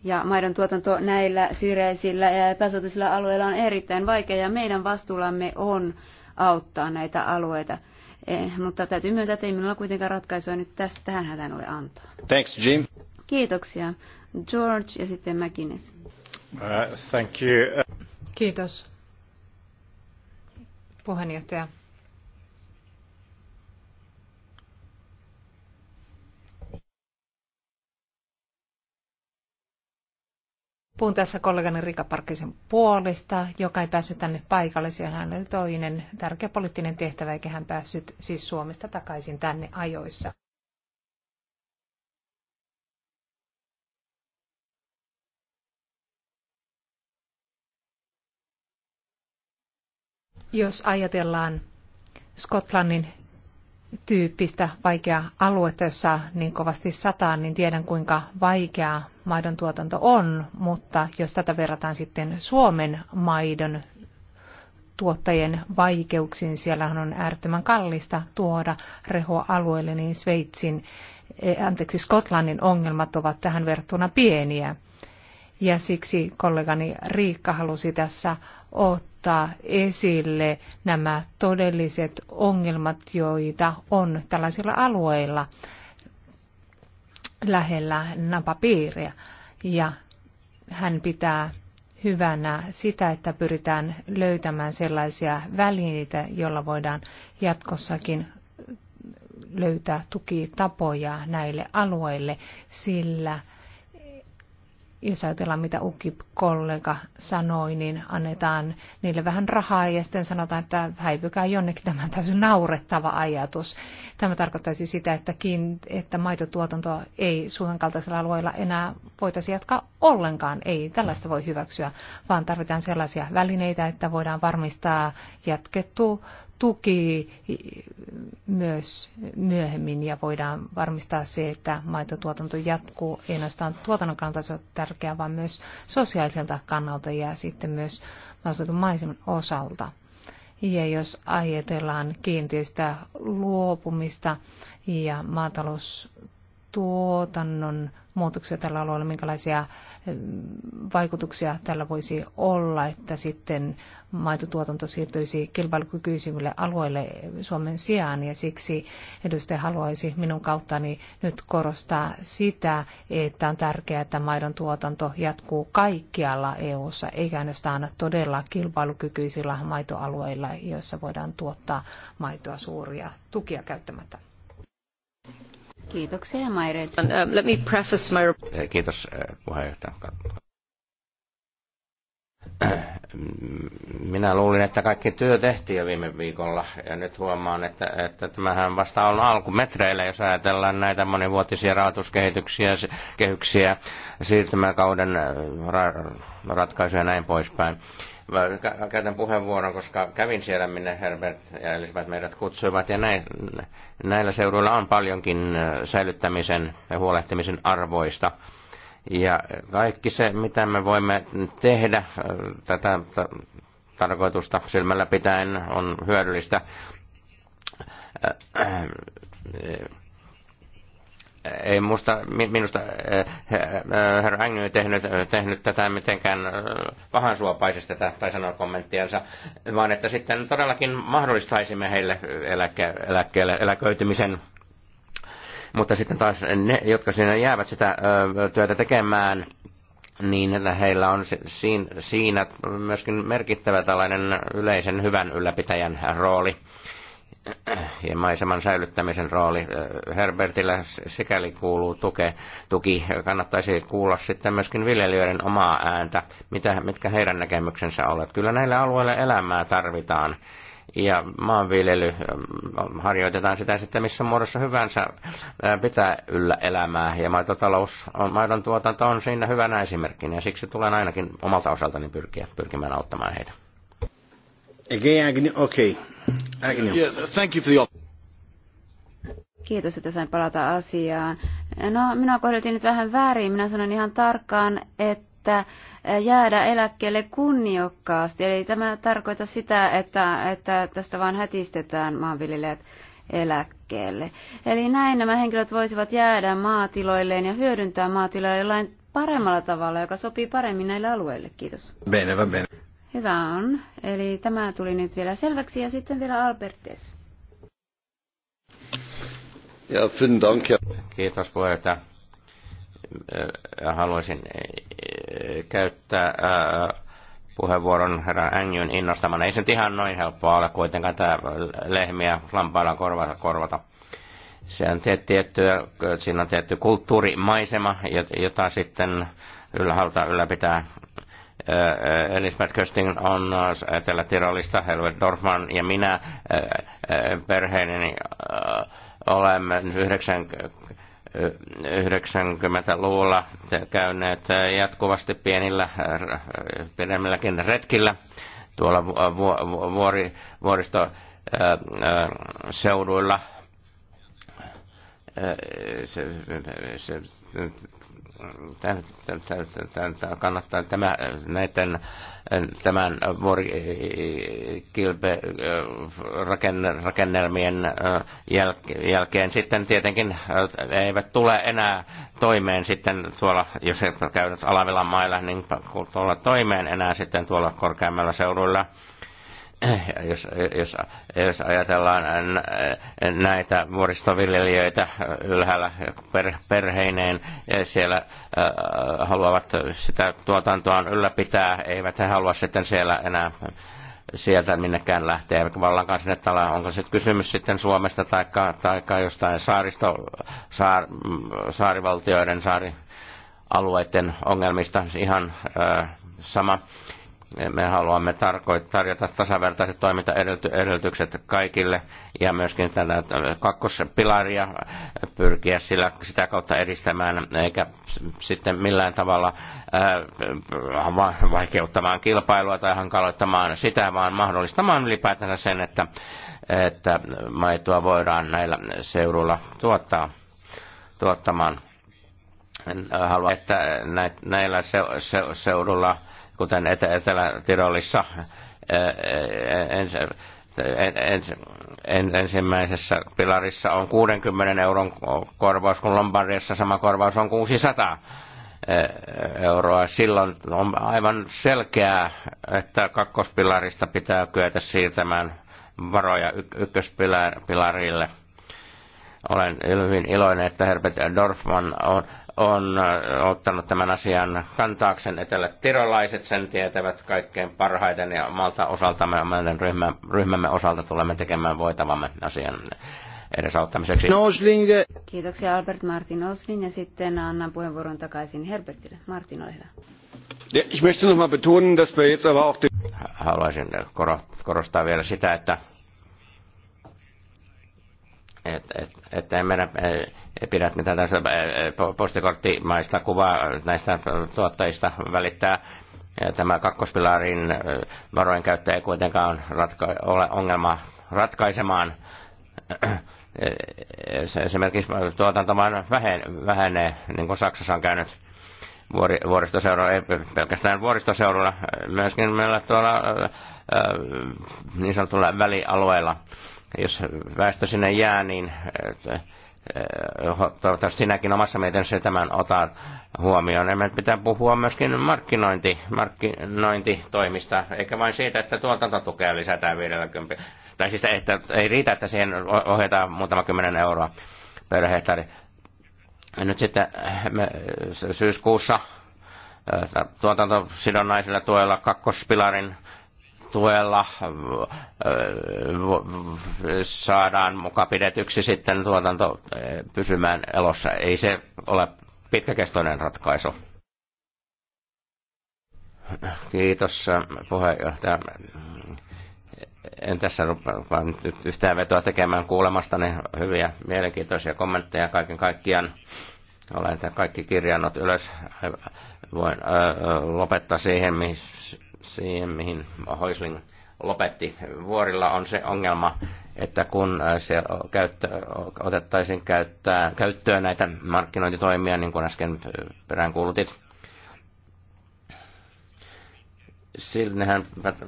Ja maidon tuotanto näillä syrjäisillä ja epäsuotisilla alueilla on erittäin vaikea ja meidän vastuullamme on auttaa näitä alueita – Eh, mutta täytyy myöntää, että ei minulla kuitenkaan ratkaisua nyt tästä, tähän hätään ole antaa. Thanks, Jim. Kiitoksia. George ja sitten McInnes. Uh, thank you. Kiitos, puheenjohtaja. Puhun tässä kollegani Rika Parkkisen puolesta, joka ei päässyt tänne paikalle. Siellä hän oli toinen tärkeä poliittinen tehtävä, eikä hän päässyt siis Suomesta takaisin tänne ajoissa. Jos ajatellaan Skotlannin tyyppistä vaikeaa aluetta, jossa niin kovasti sataa, niin tiedän kuinka vaikeaa maidon tuotanto on, mutta jos tätä verrataan sitten Suomen maidon tuottajien vaikeuksiin, siellähän on äärettömän kallista tuoda rehua alueelle, niin Sveitsin, eh, anteeksi Skotlannin ongelmat ovat tähän verrattuna pieniä ja siksi kollegani Riikka halusi tässä ottaa esille nämä todelliset ongelmat, joita on tällaisilla alueilla lähellä napapiiriä. Ja hän pitää hyvänä sitä, että pyritään löytämään sellaisia välineitä, joilla voidaan jatkossakin löytää tukitapoja näille alueille, sillä jos ajatellaan mitä UKIP-kollega sanoi, niin annetaan niille vähän rahaa ja sitten sanotaan, että häipykää jonnekin. Tämä täysin naurettava ajatus. Tämä tarkoittaisi sitä, että, kiin, että maitotuotanto ei Suomen kaltaisilla alueilla enää voitaisi jatkaa ollenkaan. Ei tällaista voi hyväksyä, vaan tarvitaan sellaisia välineitä, että voidaan varmistaa jatkettu tuki myös myöhemmin ja voidaan varmistaa se, että maitotuotanto jatkuu ei ainoastaan tuotannon kannalta se on tärkeää, vaan myös sosiaaliselta kannalta ja sitten myös maaseutumaisemman osalta. Ja jos ajatellaan kiintiöistä luopumista ja maatalous tuotannon muutoksia tällä alueella, minkälaisia vaikutuksia tällä voisi olla, että sitten maitotuotanto siirtyisi kilpailukykyisimmille alueille Suomen sijaan. Ja siksi edustaja haluaisi minun kauttani nyt korostaa sitä, että on tärkeää, että maidon tuotanto jatkuu kaikkialla EU-ssa, eikä ainoastaan todella kilpailukykyisillä maitoalueilla, joissa voidaan tuottaa maitoa suuria tukia käyttämättä. Kiitoksia, uh, let me preface my... Eh, kiitos, eh, puheenjohtaja. Minä luulin, että kaikki työ tehtiin jo viime viikolla, ja nyt huomaan, että, että tämähän vasta on alkumetreillä, jos ajatellaan näitä monivuotisia rahoituskehityksiä, kehyksiä, siirtymäkauden eh, ra- ratkaisuja ja näin poispäin Mä käytän puheenvuoron, koska kävin siellä, minne Herbert ja Elisabeth meidät kutsuivat, ja näin, näillä seuduilla on paljonkin säilyttämisen ja huolehtimisen arvoista. Ja kaikki se, mitä me voimme tehdä tätä tarkoitusta silmällä pitäen, on hyödyllistä ei musta, minusta eh, eh, herra Ängny tehnyt, tehnyt tätä mitenkään eh, pahansuopaisesti tätä, tai sanoa kommenttiansa, vaan että sitten todellakin mahdollistaisimme heille eläkke, eläkkeelle, eläköitymisen. Mutta sitten taas ne, jotka sinne jäävät sitä työtä tekemään, niin heillä on siinä myöskin merkittävä tällainen yleisen hyvän ylläpitäjän rooli ja maiseman säilyttämisen rooli Herbertillä sikäli kuuluu tuke, tuki. Kannattaisi kuulla sitten myöskin viljelijöiden omaa ääntä, mitä, mitkä heidän näkemyksensä ovat. Kyllä näillä alueilla elämää tarvitaan ja maanviljely harjoitetaan sitä sitten missä muodossa hyvänsä pitää yllä elämää ja maitotalous, maidon tuotanto on siinä hyvänä esimerkkinä ja siksi tulen ainakin omalta osaltani pyrkiä, pyrkimään auttamaan heitä. Okei. Okay. Kiitos, että sain palata asiaan. No, minua kohdeltiin nyt vähän väärin. Minä sanon ihan tarkkaan, että jäädä eläkkeelle kunniokkaasti. Eli tämä tarkoita sitä, että, että tästä vaan hätistetään maanviljelijät eläkkeelle. Eli näin nämä henkilöt voisivat jäädä maatiloilleen ja hyödyntää maatiloja jollain paremmalla tavalla, joka sopii paremmin näille alueille. Kiitos. Bene, bene. Hyvä on. Eli tämä tuli nyt vielä selväksi ja sitten vielä Albertes. Ja, dank, ja. Kiitos puheenjohtaja. Haluaisin käyttää puheenvuoron herra Ängyn innostamana. Ei se nyt ihan noin helppoa ole kuitenkaan tämä lehmiä lampailla korvata. korvata. Se on tietty, siinä on tietty kulttuurimaisema, jota sitten yllä halutaan ylläpitää Eh, eh, Elisabeth Kösting on Etelä-Tirolista, eh, Helvet Dorfman ja minä perheeni olemme 90-luvulla käyneet jatkuvasti pienillä, pienemmilläkin retkillä tuolla vuori, vuoristoseuduilla. Se, se, se, kannattaa tämä, näiden, tämän vuorikilpe rakennelmien äh, jälkeen sitten tietenkin äh, eivät tule enää toimeen sitten tuolla, jos he käyvät alavilan mailla, niin tuolla toimeen enää sitten tuolla korkeammalla seudulla. Äh, jos, jos, jos ajatellaan näitä vuoristoviljelijöitä ylhäällä per, perheineen, siellä äh, haluavat sitä tuotantoa ylläpitää, eivät he halua sitten siellä enää sieltä minnekään lähteä, eikä vallankaan sinne tala. Onko se kysymys sitten Suomesta tai taikka jostain saaristo, saar, saarivaltioiden, saarialueiden ongelmista, ihan äh, sama me haluamme tarjota tasavertaiset toimintaedellytykset kaikille ja myöskin tätä kakkospilaria pyrkiä sillä, sitä kautta edistämään eikä sitten millään tavalla vaikeuttamaan kilpailua tai hankaloittamaan sitä, vaan mahdollistamaan ylipäätänsä sen, että, että maitoa voidaan näillä seuduilla tuottaa, tuottamaan. Haluan, että näillä seudulla kuten Etelä-Tirolissa ensimmäisessä pilarissa on 60 euron korvaus, kun Lombardiassa sama korvaus on 600 euroa. Silloin on aivan selkeää, että kakkospilarista pitää kyetä siirtämään varoja ykköspilarille. Olen hyvin iloinen, että Herbert Dorfman on on äh, ottanut tämän asian kantaakseen. Etelä-tirolaiset sen tietävät kaikkein parhaiten ja omalta osaltamme, meidän ryhmä, ryhmämme osalta tulemme tekemään voitavamme asian edesauttamiseksi. Nosling. No, Kiitoksia Albert Martin Oslin ja sitten annan puheenvuoron takaisin Herbertille. Martin, ole hyvä. Ich möchte betonen, dass wir jetzt aber auch Haluaisin korostaa vielä sitä, että että et, et, meidän ei pidä mitään tässä postikorttimaista kuvaa näistä tuottajista välittää. Tämä kakkospilarin varojen käyttö ei kuitenkaan ratka- ole ongelma ratkaisemaan. Esimerkiksi tuotanto vain vähenee, niin kuin Saksassa on käynyt vuoristoseudulla, ei pelkästään vuoristoseudulla, myöskin meillä tuolla niin sanotulla välialueilla jos väestö sinne jää, niin äh, toivottavasti sinäkin omassa mietinnössä tämän otat huomioon. Ja meidän pitää puhua myöskin markkinointi, markkinointitoimista, eikä vain siitä, että tuotantotukea lisätään 50. Tai siis että ei riitä, että siihen ohjataan muutama kymmenen euroa per hehtaari. Nyt sitten äh, me syyskuussa äh, tuotantosidonnaisilla tuella kakkospilarin tuella äh, äh, saadaan muka pidetyksi sitten tuotanto äh, pysymään elossa. Ei se ole pitkäkestoinen ratkaisu. Kiitos puheenjohtaja. En tässä rupea nyt yhtään vetoa tekemään kuulemastani niin hyviä mielenkiintoisia kommentteja kaiken kaikkiaan. Olen tämän kaikki kirjannut ylös. Voin öö, lopettaa siihen, siihen, mihin Hoisling lopetti vuorilla, on se ongelma, että kun äh, se käyttö, otettaisiin käyttää, käyttöön näitä markkinointitoimia, niin kuin äsken peräänkuulutit, Sillähän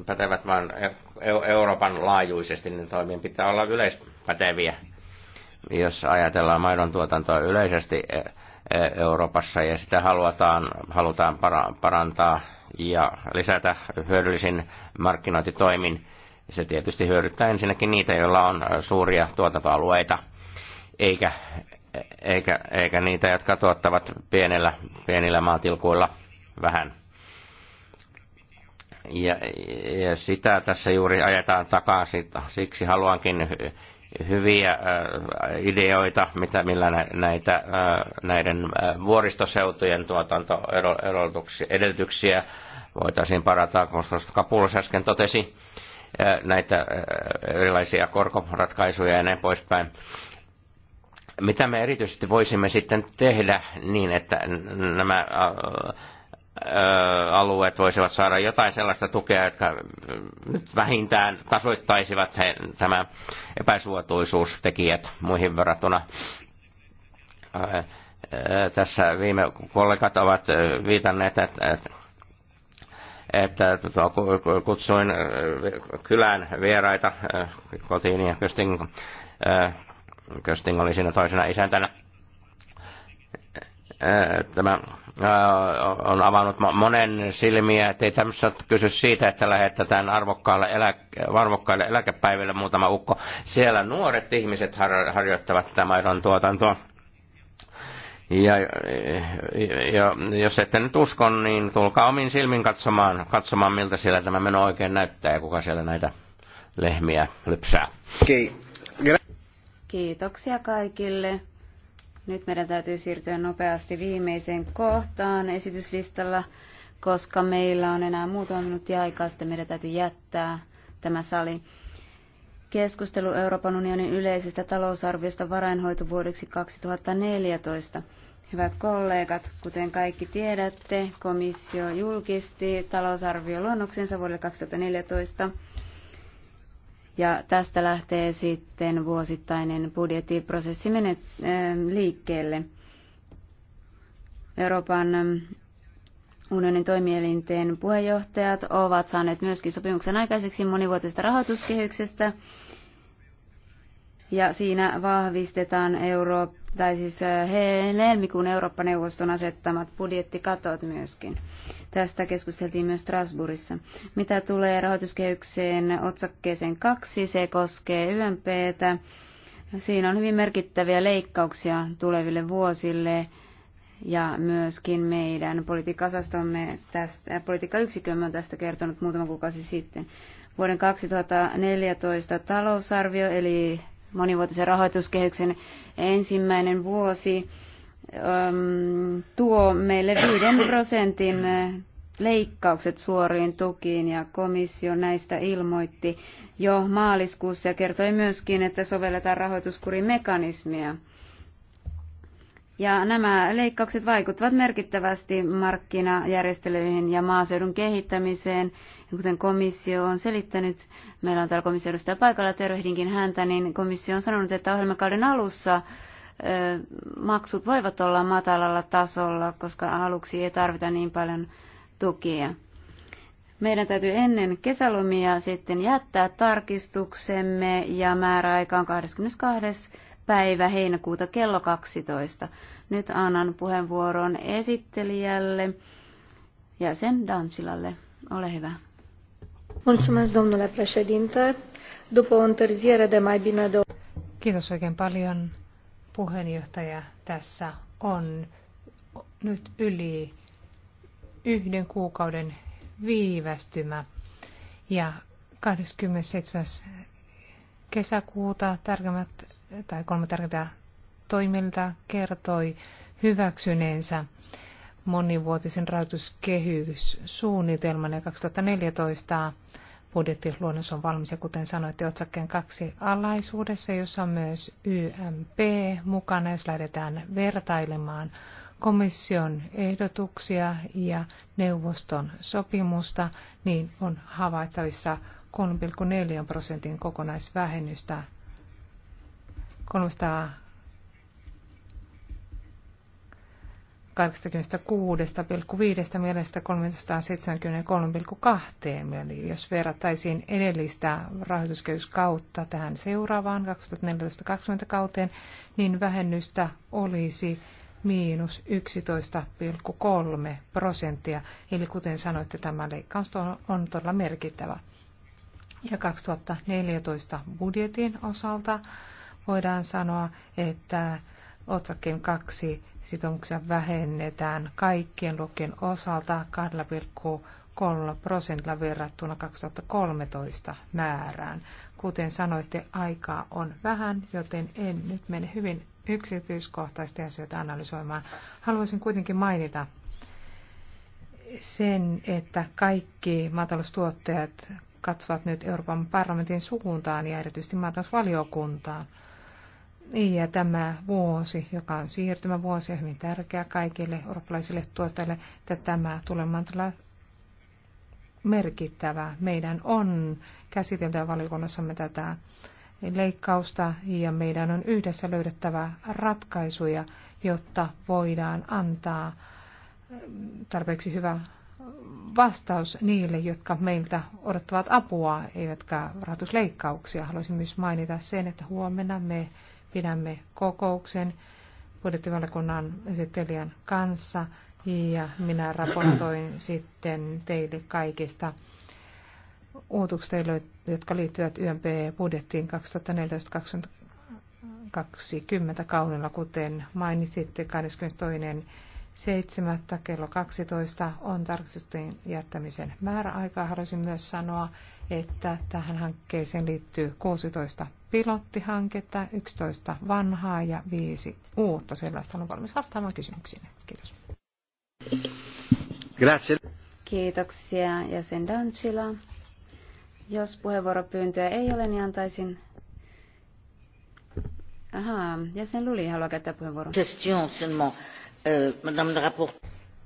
pätevät vain e-, e-, Euroopan laajuisesti, niin toimien pitää olla yleispäteviä. Jos ajatellaan maidon tuotantoa yleisesti e-, Euroopassa ja sitä halutaan, halutaan parantaa ja lisätä hyödyllisin markkinointitoimin. Se tietysti hyödyttää ensinnäkin niitä, joilla on suuria tuotantoalueita, eikä, eikä, eikä niitä, jotka tuottavat pienellä, pienillä maatilkuilla vähän. Ja, ja sitä tässä juuri ajetaan takaa, siksi haluankin hyviä ideoita, mitä, millä näitä, näiden vuoristoseutujen tuotantoedellytyksiä voitaisiin parata, koska Kapulos äsken totesi näitä erilaisia korkoratkaisuja ja näin poispäin. Mitä me erityisesti voisimme sitten tehdä niin, että nämä alueet voisivat saada jotain sellaista tukea, jotka nyt vähintään tasoittaisivat he, tämä epäsuotuisuustekijät muihin verrattuna. Tässä viime kollegat ovat viitanneet, että että kutsuin äh, kylään vieraita äh, kotiin ja Kösting, äh, Kösting oli siinä toisena isäntänä. Tämä on avannut monen silmiä, ettei tämmöistä kysy siitä, että lähetetään arvokkaille, eläke, arvokkaille eläkepäiville muutama ukko. Siellä nuoret ihmiset harjoittavat tätä maidon tuotantoa ja, ja jos ette nyt usko, niin tulkaa omin silmin katsomaan, katsomaan miltä siellä tämä meno oikein näyttää ja kuka siellä näitä lehmiä lypsää. Kiitoksia kaikille. Nyt meidän täytyy siirtyä nopeasti viimeiseen kohtaan esityslistalla, koska meillä on enää muutama minuutti aikaa, sitten meidän täytyy jättää tämä sali. Keskustelu Euroopan unionin yleisestä talousarviosta varainhoitovuodeksi 2014. Hyvät kollegat, kuten kaikki tiedätte, komissio julkisti talousarvioluonnoksensa vuodelle 2014. Ja tästä lähtee sitten vuosittainen budjettiprosessi menet, äh, liikkeelle. Euroopan Unionin toimielinten puheenjohtajat ovat saaneet myöskin sopimuksen aikaiseksi monivuotisesta rahoituskehyksestä. Ja siinä vahvistetaan Euro- tai siis äh, helmikuun Eurooppa-neuvoston asettamat budjettikatot myöskin. Tästä keskusteltiin myös Strasbourgissa. Mitä tulee rahoituskehykseen otsakkeeseen kaksi, se koskee YMPtä. Siinä on hyvin merkittäviä leikkauksia tuleville vuosille ja myöskin meidän politiikkaosastomme tästä, äh, politiikkayksikkömme on tästä kertonut muutama kuukausi sitten. Vuoden 2014 talousarvio eli monivuotisen rahoituskehyksen ensimmäinen vuosi tuo meille viiden prosentin äh, leikkaukset suoriin tukiin ja komissio näistä ilmoitti jo maaliskuussa ja kertoi myöskin, että sovelletaan rahoituskurimekanismia mekanismia ja nämä leikkaukset vaikuttavat merkittävästi markkinajärjestelyihin ja maaseudun kehittämiseen. Ja kuten komissio on selittänyt, meillä on täällä komissiodustaja paikalla, tervehdinkin häntä, niin komissio on sanonut, että ohjelmakauden alussa maksut voivat olla matalalla tasolla, koska aluksi ei tarvita niin paljon tukia. Meidän täytyy ennen kesälomia sitten jättää tarkistuksemme ja määräaika on 22 päivä heinäkuuta kello 12. Nyt annan puheenvuoron esittelijälle ja sen Dancilalle. Ole hyvä. Mulțumesc, domnule președinte. După o întârziere de mai bine de... Kiitos oikein paljon, puheenjohtaja. Tässä on nyt yli yhden kuukauden viivästymä. Ja 27. kesäkuuta tarkemmat tai kolme tärkeää toimilta kertoi hyväksyneensä monivuotisen rahoituskehyssuunnitelman ja 2014 budjettiluonnos on valmis ja kuten sanoitte otsakkeen kaksi alaisuudessa, jossa on myös YMP mukana, jos lähdetään vertailemaan komission ehdotuksia ja neuvoston sopimusta, niin on havaittavissa 3,4 prosentin kokonaisvähennystä 386,5 mielestä 373,2. Eli jos verrattaisiin edellistä rahoituskehyskautta tähän seuraavaan 2014-2020 kauteen, niin vähennystä olisi miinus 11,3 prosenttia. Eli kuten sanoitte, tämä leikkaus on todella merkittävä. Ja 2014 budjetin osalta voidaan sanoa, että otsakkeen kaksi sitoumuksia vähennetään kaikkien lukien osalta 2,3 prosentilla verrattuna 2013 määrään. Kuten sanoitte, aikaa on vähän, joten en nyt mene hyvin yksityiskohtaisesti asioita analysoimaan. Haluaisin kuitenkin mainita sen, että kaikki maataloustuottajat katsovat nyt Euroopan parlamentin suuntaan ja erityisesti maatalousvaliokuntaan. Ja tämä vuosi, joka on siirtymävuosi ja hyvin tärkeä kaikille eurooppalaisille tuottajille, että tämä tulemaan merkittävä. Meidän on käsiteltävä valiokunnassamme tätä leikkausta ja meidän on yhdessä löydettävä ratkaisuja, jotta voidaan antaa tarpeeksi hyvä vastaus niille, jotka meiltä odottavat apua, eivätkä rahoitusleikkauksia. Haluaisin myös mainita sen, että huomenna me pidämme kokouksen budjettivaliokunnan esittelijän kanssa ja minä raportoin sitten teille kaikista uutuksista, jotka liittyvät YMP-budjettiin 2014-2020 kaudella, kuten mainitsitte 22. 7. kello 12 on tarkistusten jättämisen määräaika. Haluaisin myös sanoa, että tähän hankkeeseen liittyy 16 pilottihanketta, 11 vanhaa ja 5 uutta. Sellaista on valmis vastaamaan kysymyksiin. Kiitos. Grazie. Kiitoksia jäsen Dancila. Jos puheenvuoropyyntöä ei ole, niin antaisin Ahaa, jäsen Luli haluaa käyttää puheenvuoron. Question seulement. Euh,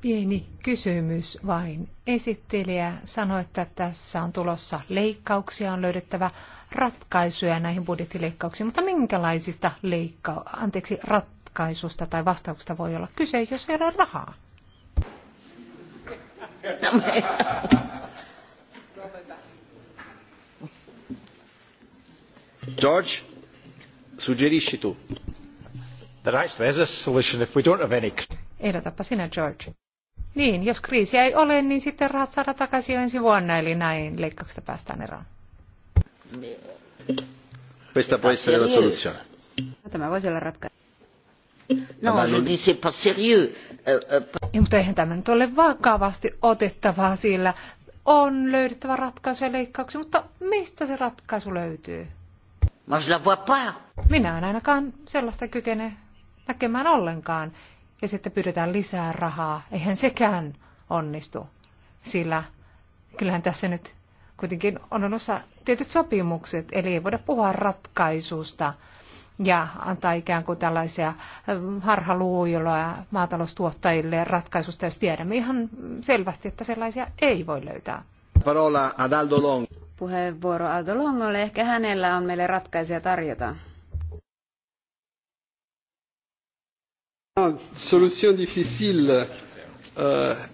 Pieni kysymys vain. Esittelijä sanoi, että tässä on tulossa leikkauksia, on löydettävä ratkaisuja näihin budjettileikkauksiin, mutta minkälaisista leikka- anteeksi, ratkaisusta tai vastauksista voi olla kyse, jos ei ole rahaa? George, suggerisci tu. There actually is a solution if we don't have any... Ehdotapa sinä, George. Niin, jos kriisiä ei ole, niin sitten rahat saadaan takaisin jo ensi vuonna, eli näin leikkauksesta päästään eroon. Questa può essere la soluzione. Tämä voisi olla ratkaisu. No, je dis pas sérieux. Niin, mutta eihän tämä nyt ole vakavasti otettavaa, sillä on löydettävä ratkaisu ja leikkauksia, mutta mistä se ratkaisu löytyy? Minä en ainakaan sellaista kykene näkemään ollenkaan. Ja sitten pyydetään lisää rahaa. Eihän sekään onnistu, sillä kyllähän tässä nyt kuitenkin on osa tietyt sopimukset, eli ei voida puhua ratkaisusta ja antaa ikään kuin tällaisia ähm, harhaluuloja maataloustuottajille ratkaisusta, jos tiedämme ihan selvästi, että sellaisia ei voi löytää. Parola ad Aldo Long. Puheenvuoro Aldo Longolle. Ehkä hänellä on meille ratkaisuja tarjota. Solution difficile et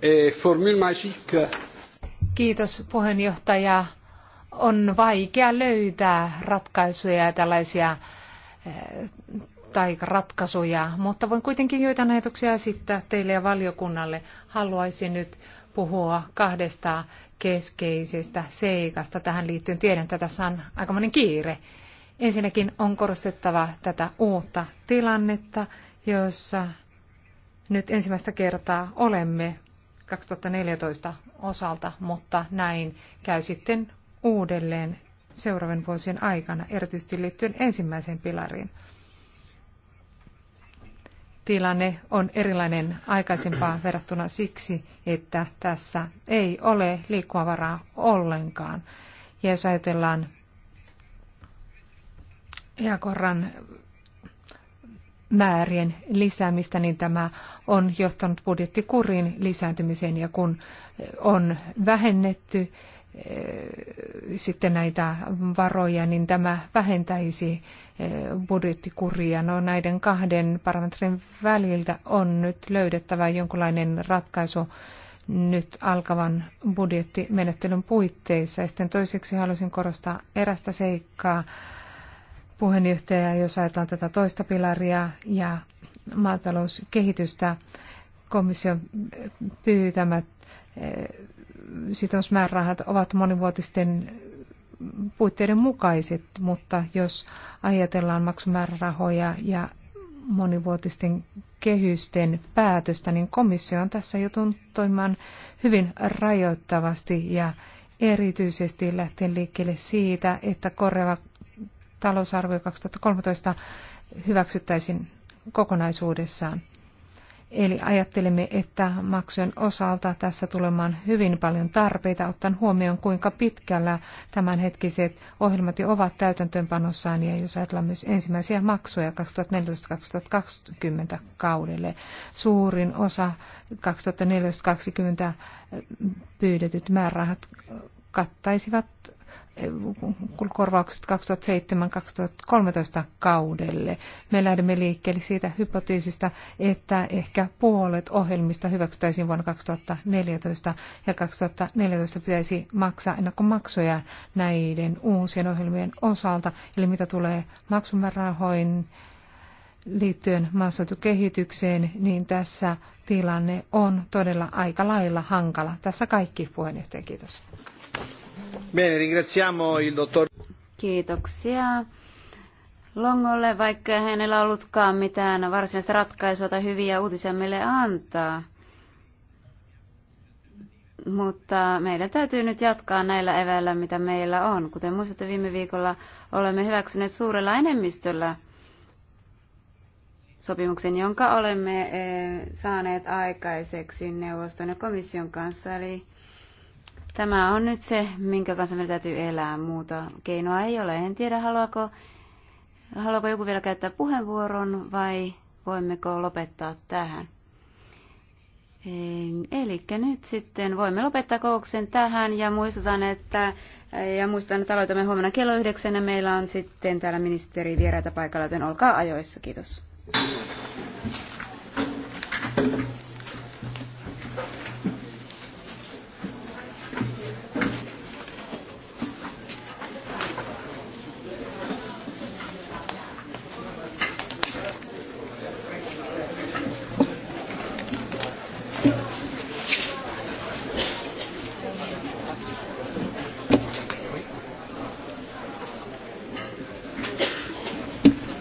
euh, formule magique. Kiitos puheenjohtaja. On vaikea löytää ratkaisuja ja tällaisia eh, tai ratkaisuja, mutta voin kuitenkin joitain ajatuksia esittää teille ja valiokunnalle. Haluaisin nyt puhua kahdesta keskeisestä seikasta tähän liittyen. Tiedän, että tässä on aikamoinen kiire. Ensinnäkin on korostettava tätä uutta tilannetta jossa nyt ensimmäistä kertaa olemme 2014 osalta, mutta näin käy sitten uudelleen seuraavien vuosien aikana, erityisesti liittyen ensimmäiseen pilariin. Tilanne on erilainen aikaisempaa verrattuna siksi, että tässä ei ole liikkumavaraa ollenkaan. Ja jos ajatellaan EAKorran määrien lisäämistä, niin tämä on johtanut budjettikurin lisääntymiseen ja kun eh, on vähennetty eh, sitten näitä varoja, niin tämä vähentäisi eh, budjettikuria. No näiden kahden parametrin väliltä on nyt löydettävä jonkinlainen ratkaisu nyt alkavan budjettimenettelyn puitteissa. Ja sitten toiseksi haluaisin korostaa erästä seikkaa puheenjohtaja, jos ajatellaan tätä toista pilaria ja maatalouskehitystä, komission pyytämät eh, sitousmäärärahat ovat monivuotisten puitteiden mukaiset, mutta jos ajatellaan maksumäärärahoja ja monivuotisten kehysten päätöstä, niin komissio on tässä joutunut toimimaan hyvin rajoittavasti ja erityisesti lähtien liikkeelle siitä, että korreva talousarvio 2013 hyväksyttäisiin kokonaisuudessaan. Eli ajattelimme, että maksujen osalta tässä tulemaan hyvin paljon tarpeita, ottaen huomioon kuinka pitkällä tämänhetkiset ohjelmat jo ovat täytäntöönpanossaan ja jos ajatellaan myös ensimmäisiä maksuja 2014-2020 kaudelle. Suurin osa 2014-2020 pyydetyt määrärahat kattaisivat korvaukset 2007-2013 kaudelle. Me lähdemme liikkeelle siitä hypoteesista, että ehkä puolet ohjelmista hyväksytäisiin vuonna 2014 ja 2014 pitäisi maksaa ennakkomaksuja näiden uusien ohjelmien osalta. Eli mitä tulee maksumäärärahoihin liittyen kehitykseen, niin tässä tilanne on todella aika lailla hankala. Tässä kaikki puheenjohtaja, kiitos. Bene, ringraziamo il dottor... Kiitoksia. Longolle, vaikka hänellä ollutkaan mitään varsinaista ratkaisua tai hyviä uutisia meille antaa. Mutta meidän täytyy nyt jatkaa näillä eväillä, mitä meillä on. Kuten muistatte, viime viikolla olemme hyväksyneet suurella enemmistöllä sopimuksen, jonka olemme eh, saaneet aikaiseksi neuvoston ja komission kanssa. Eli Tämä on nyt se, minkä kanssa meidän täytyy elää. Muuta keinoa ei ole. En tiedä, haluaako, haluaako joku vielä käyttää puheenvuoron vai voimmeko lopettaa tähän. Eli nyt sitten voimme lopettaa kokouksen tähän ja muistutan, että, ja muistutan, että aloitamme huomenna kello yhdeksän ja meillä on sitten täällä ministeri vieraita paikalla, joten olkaa ajoissa. Kiitos.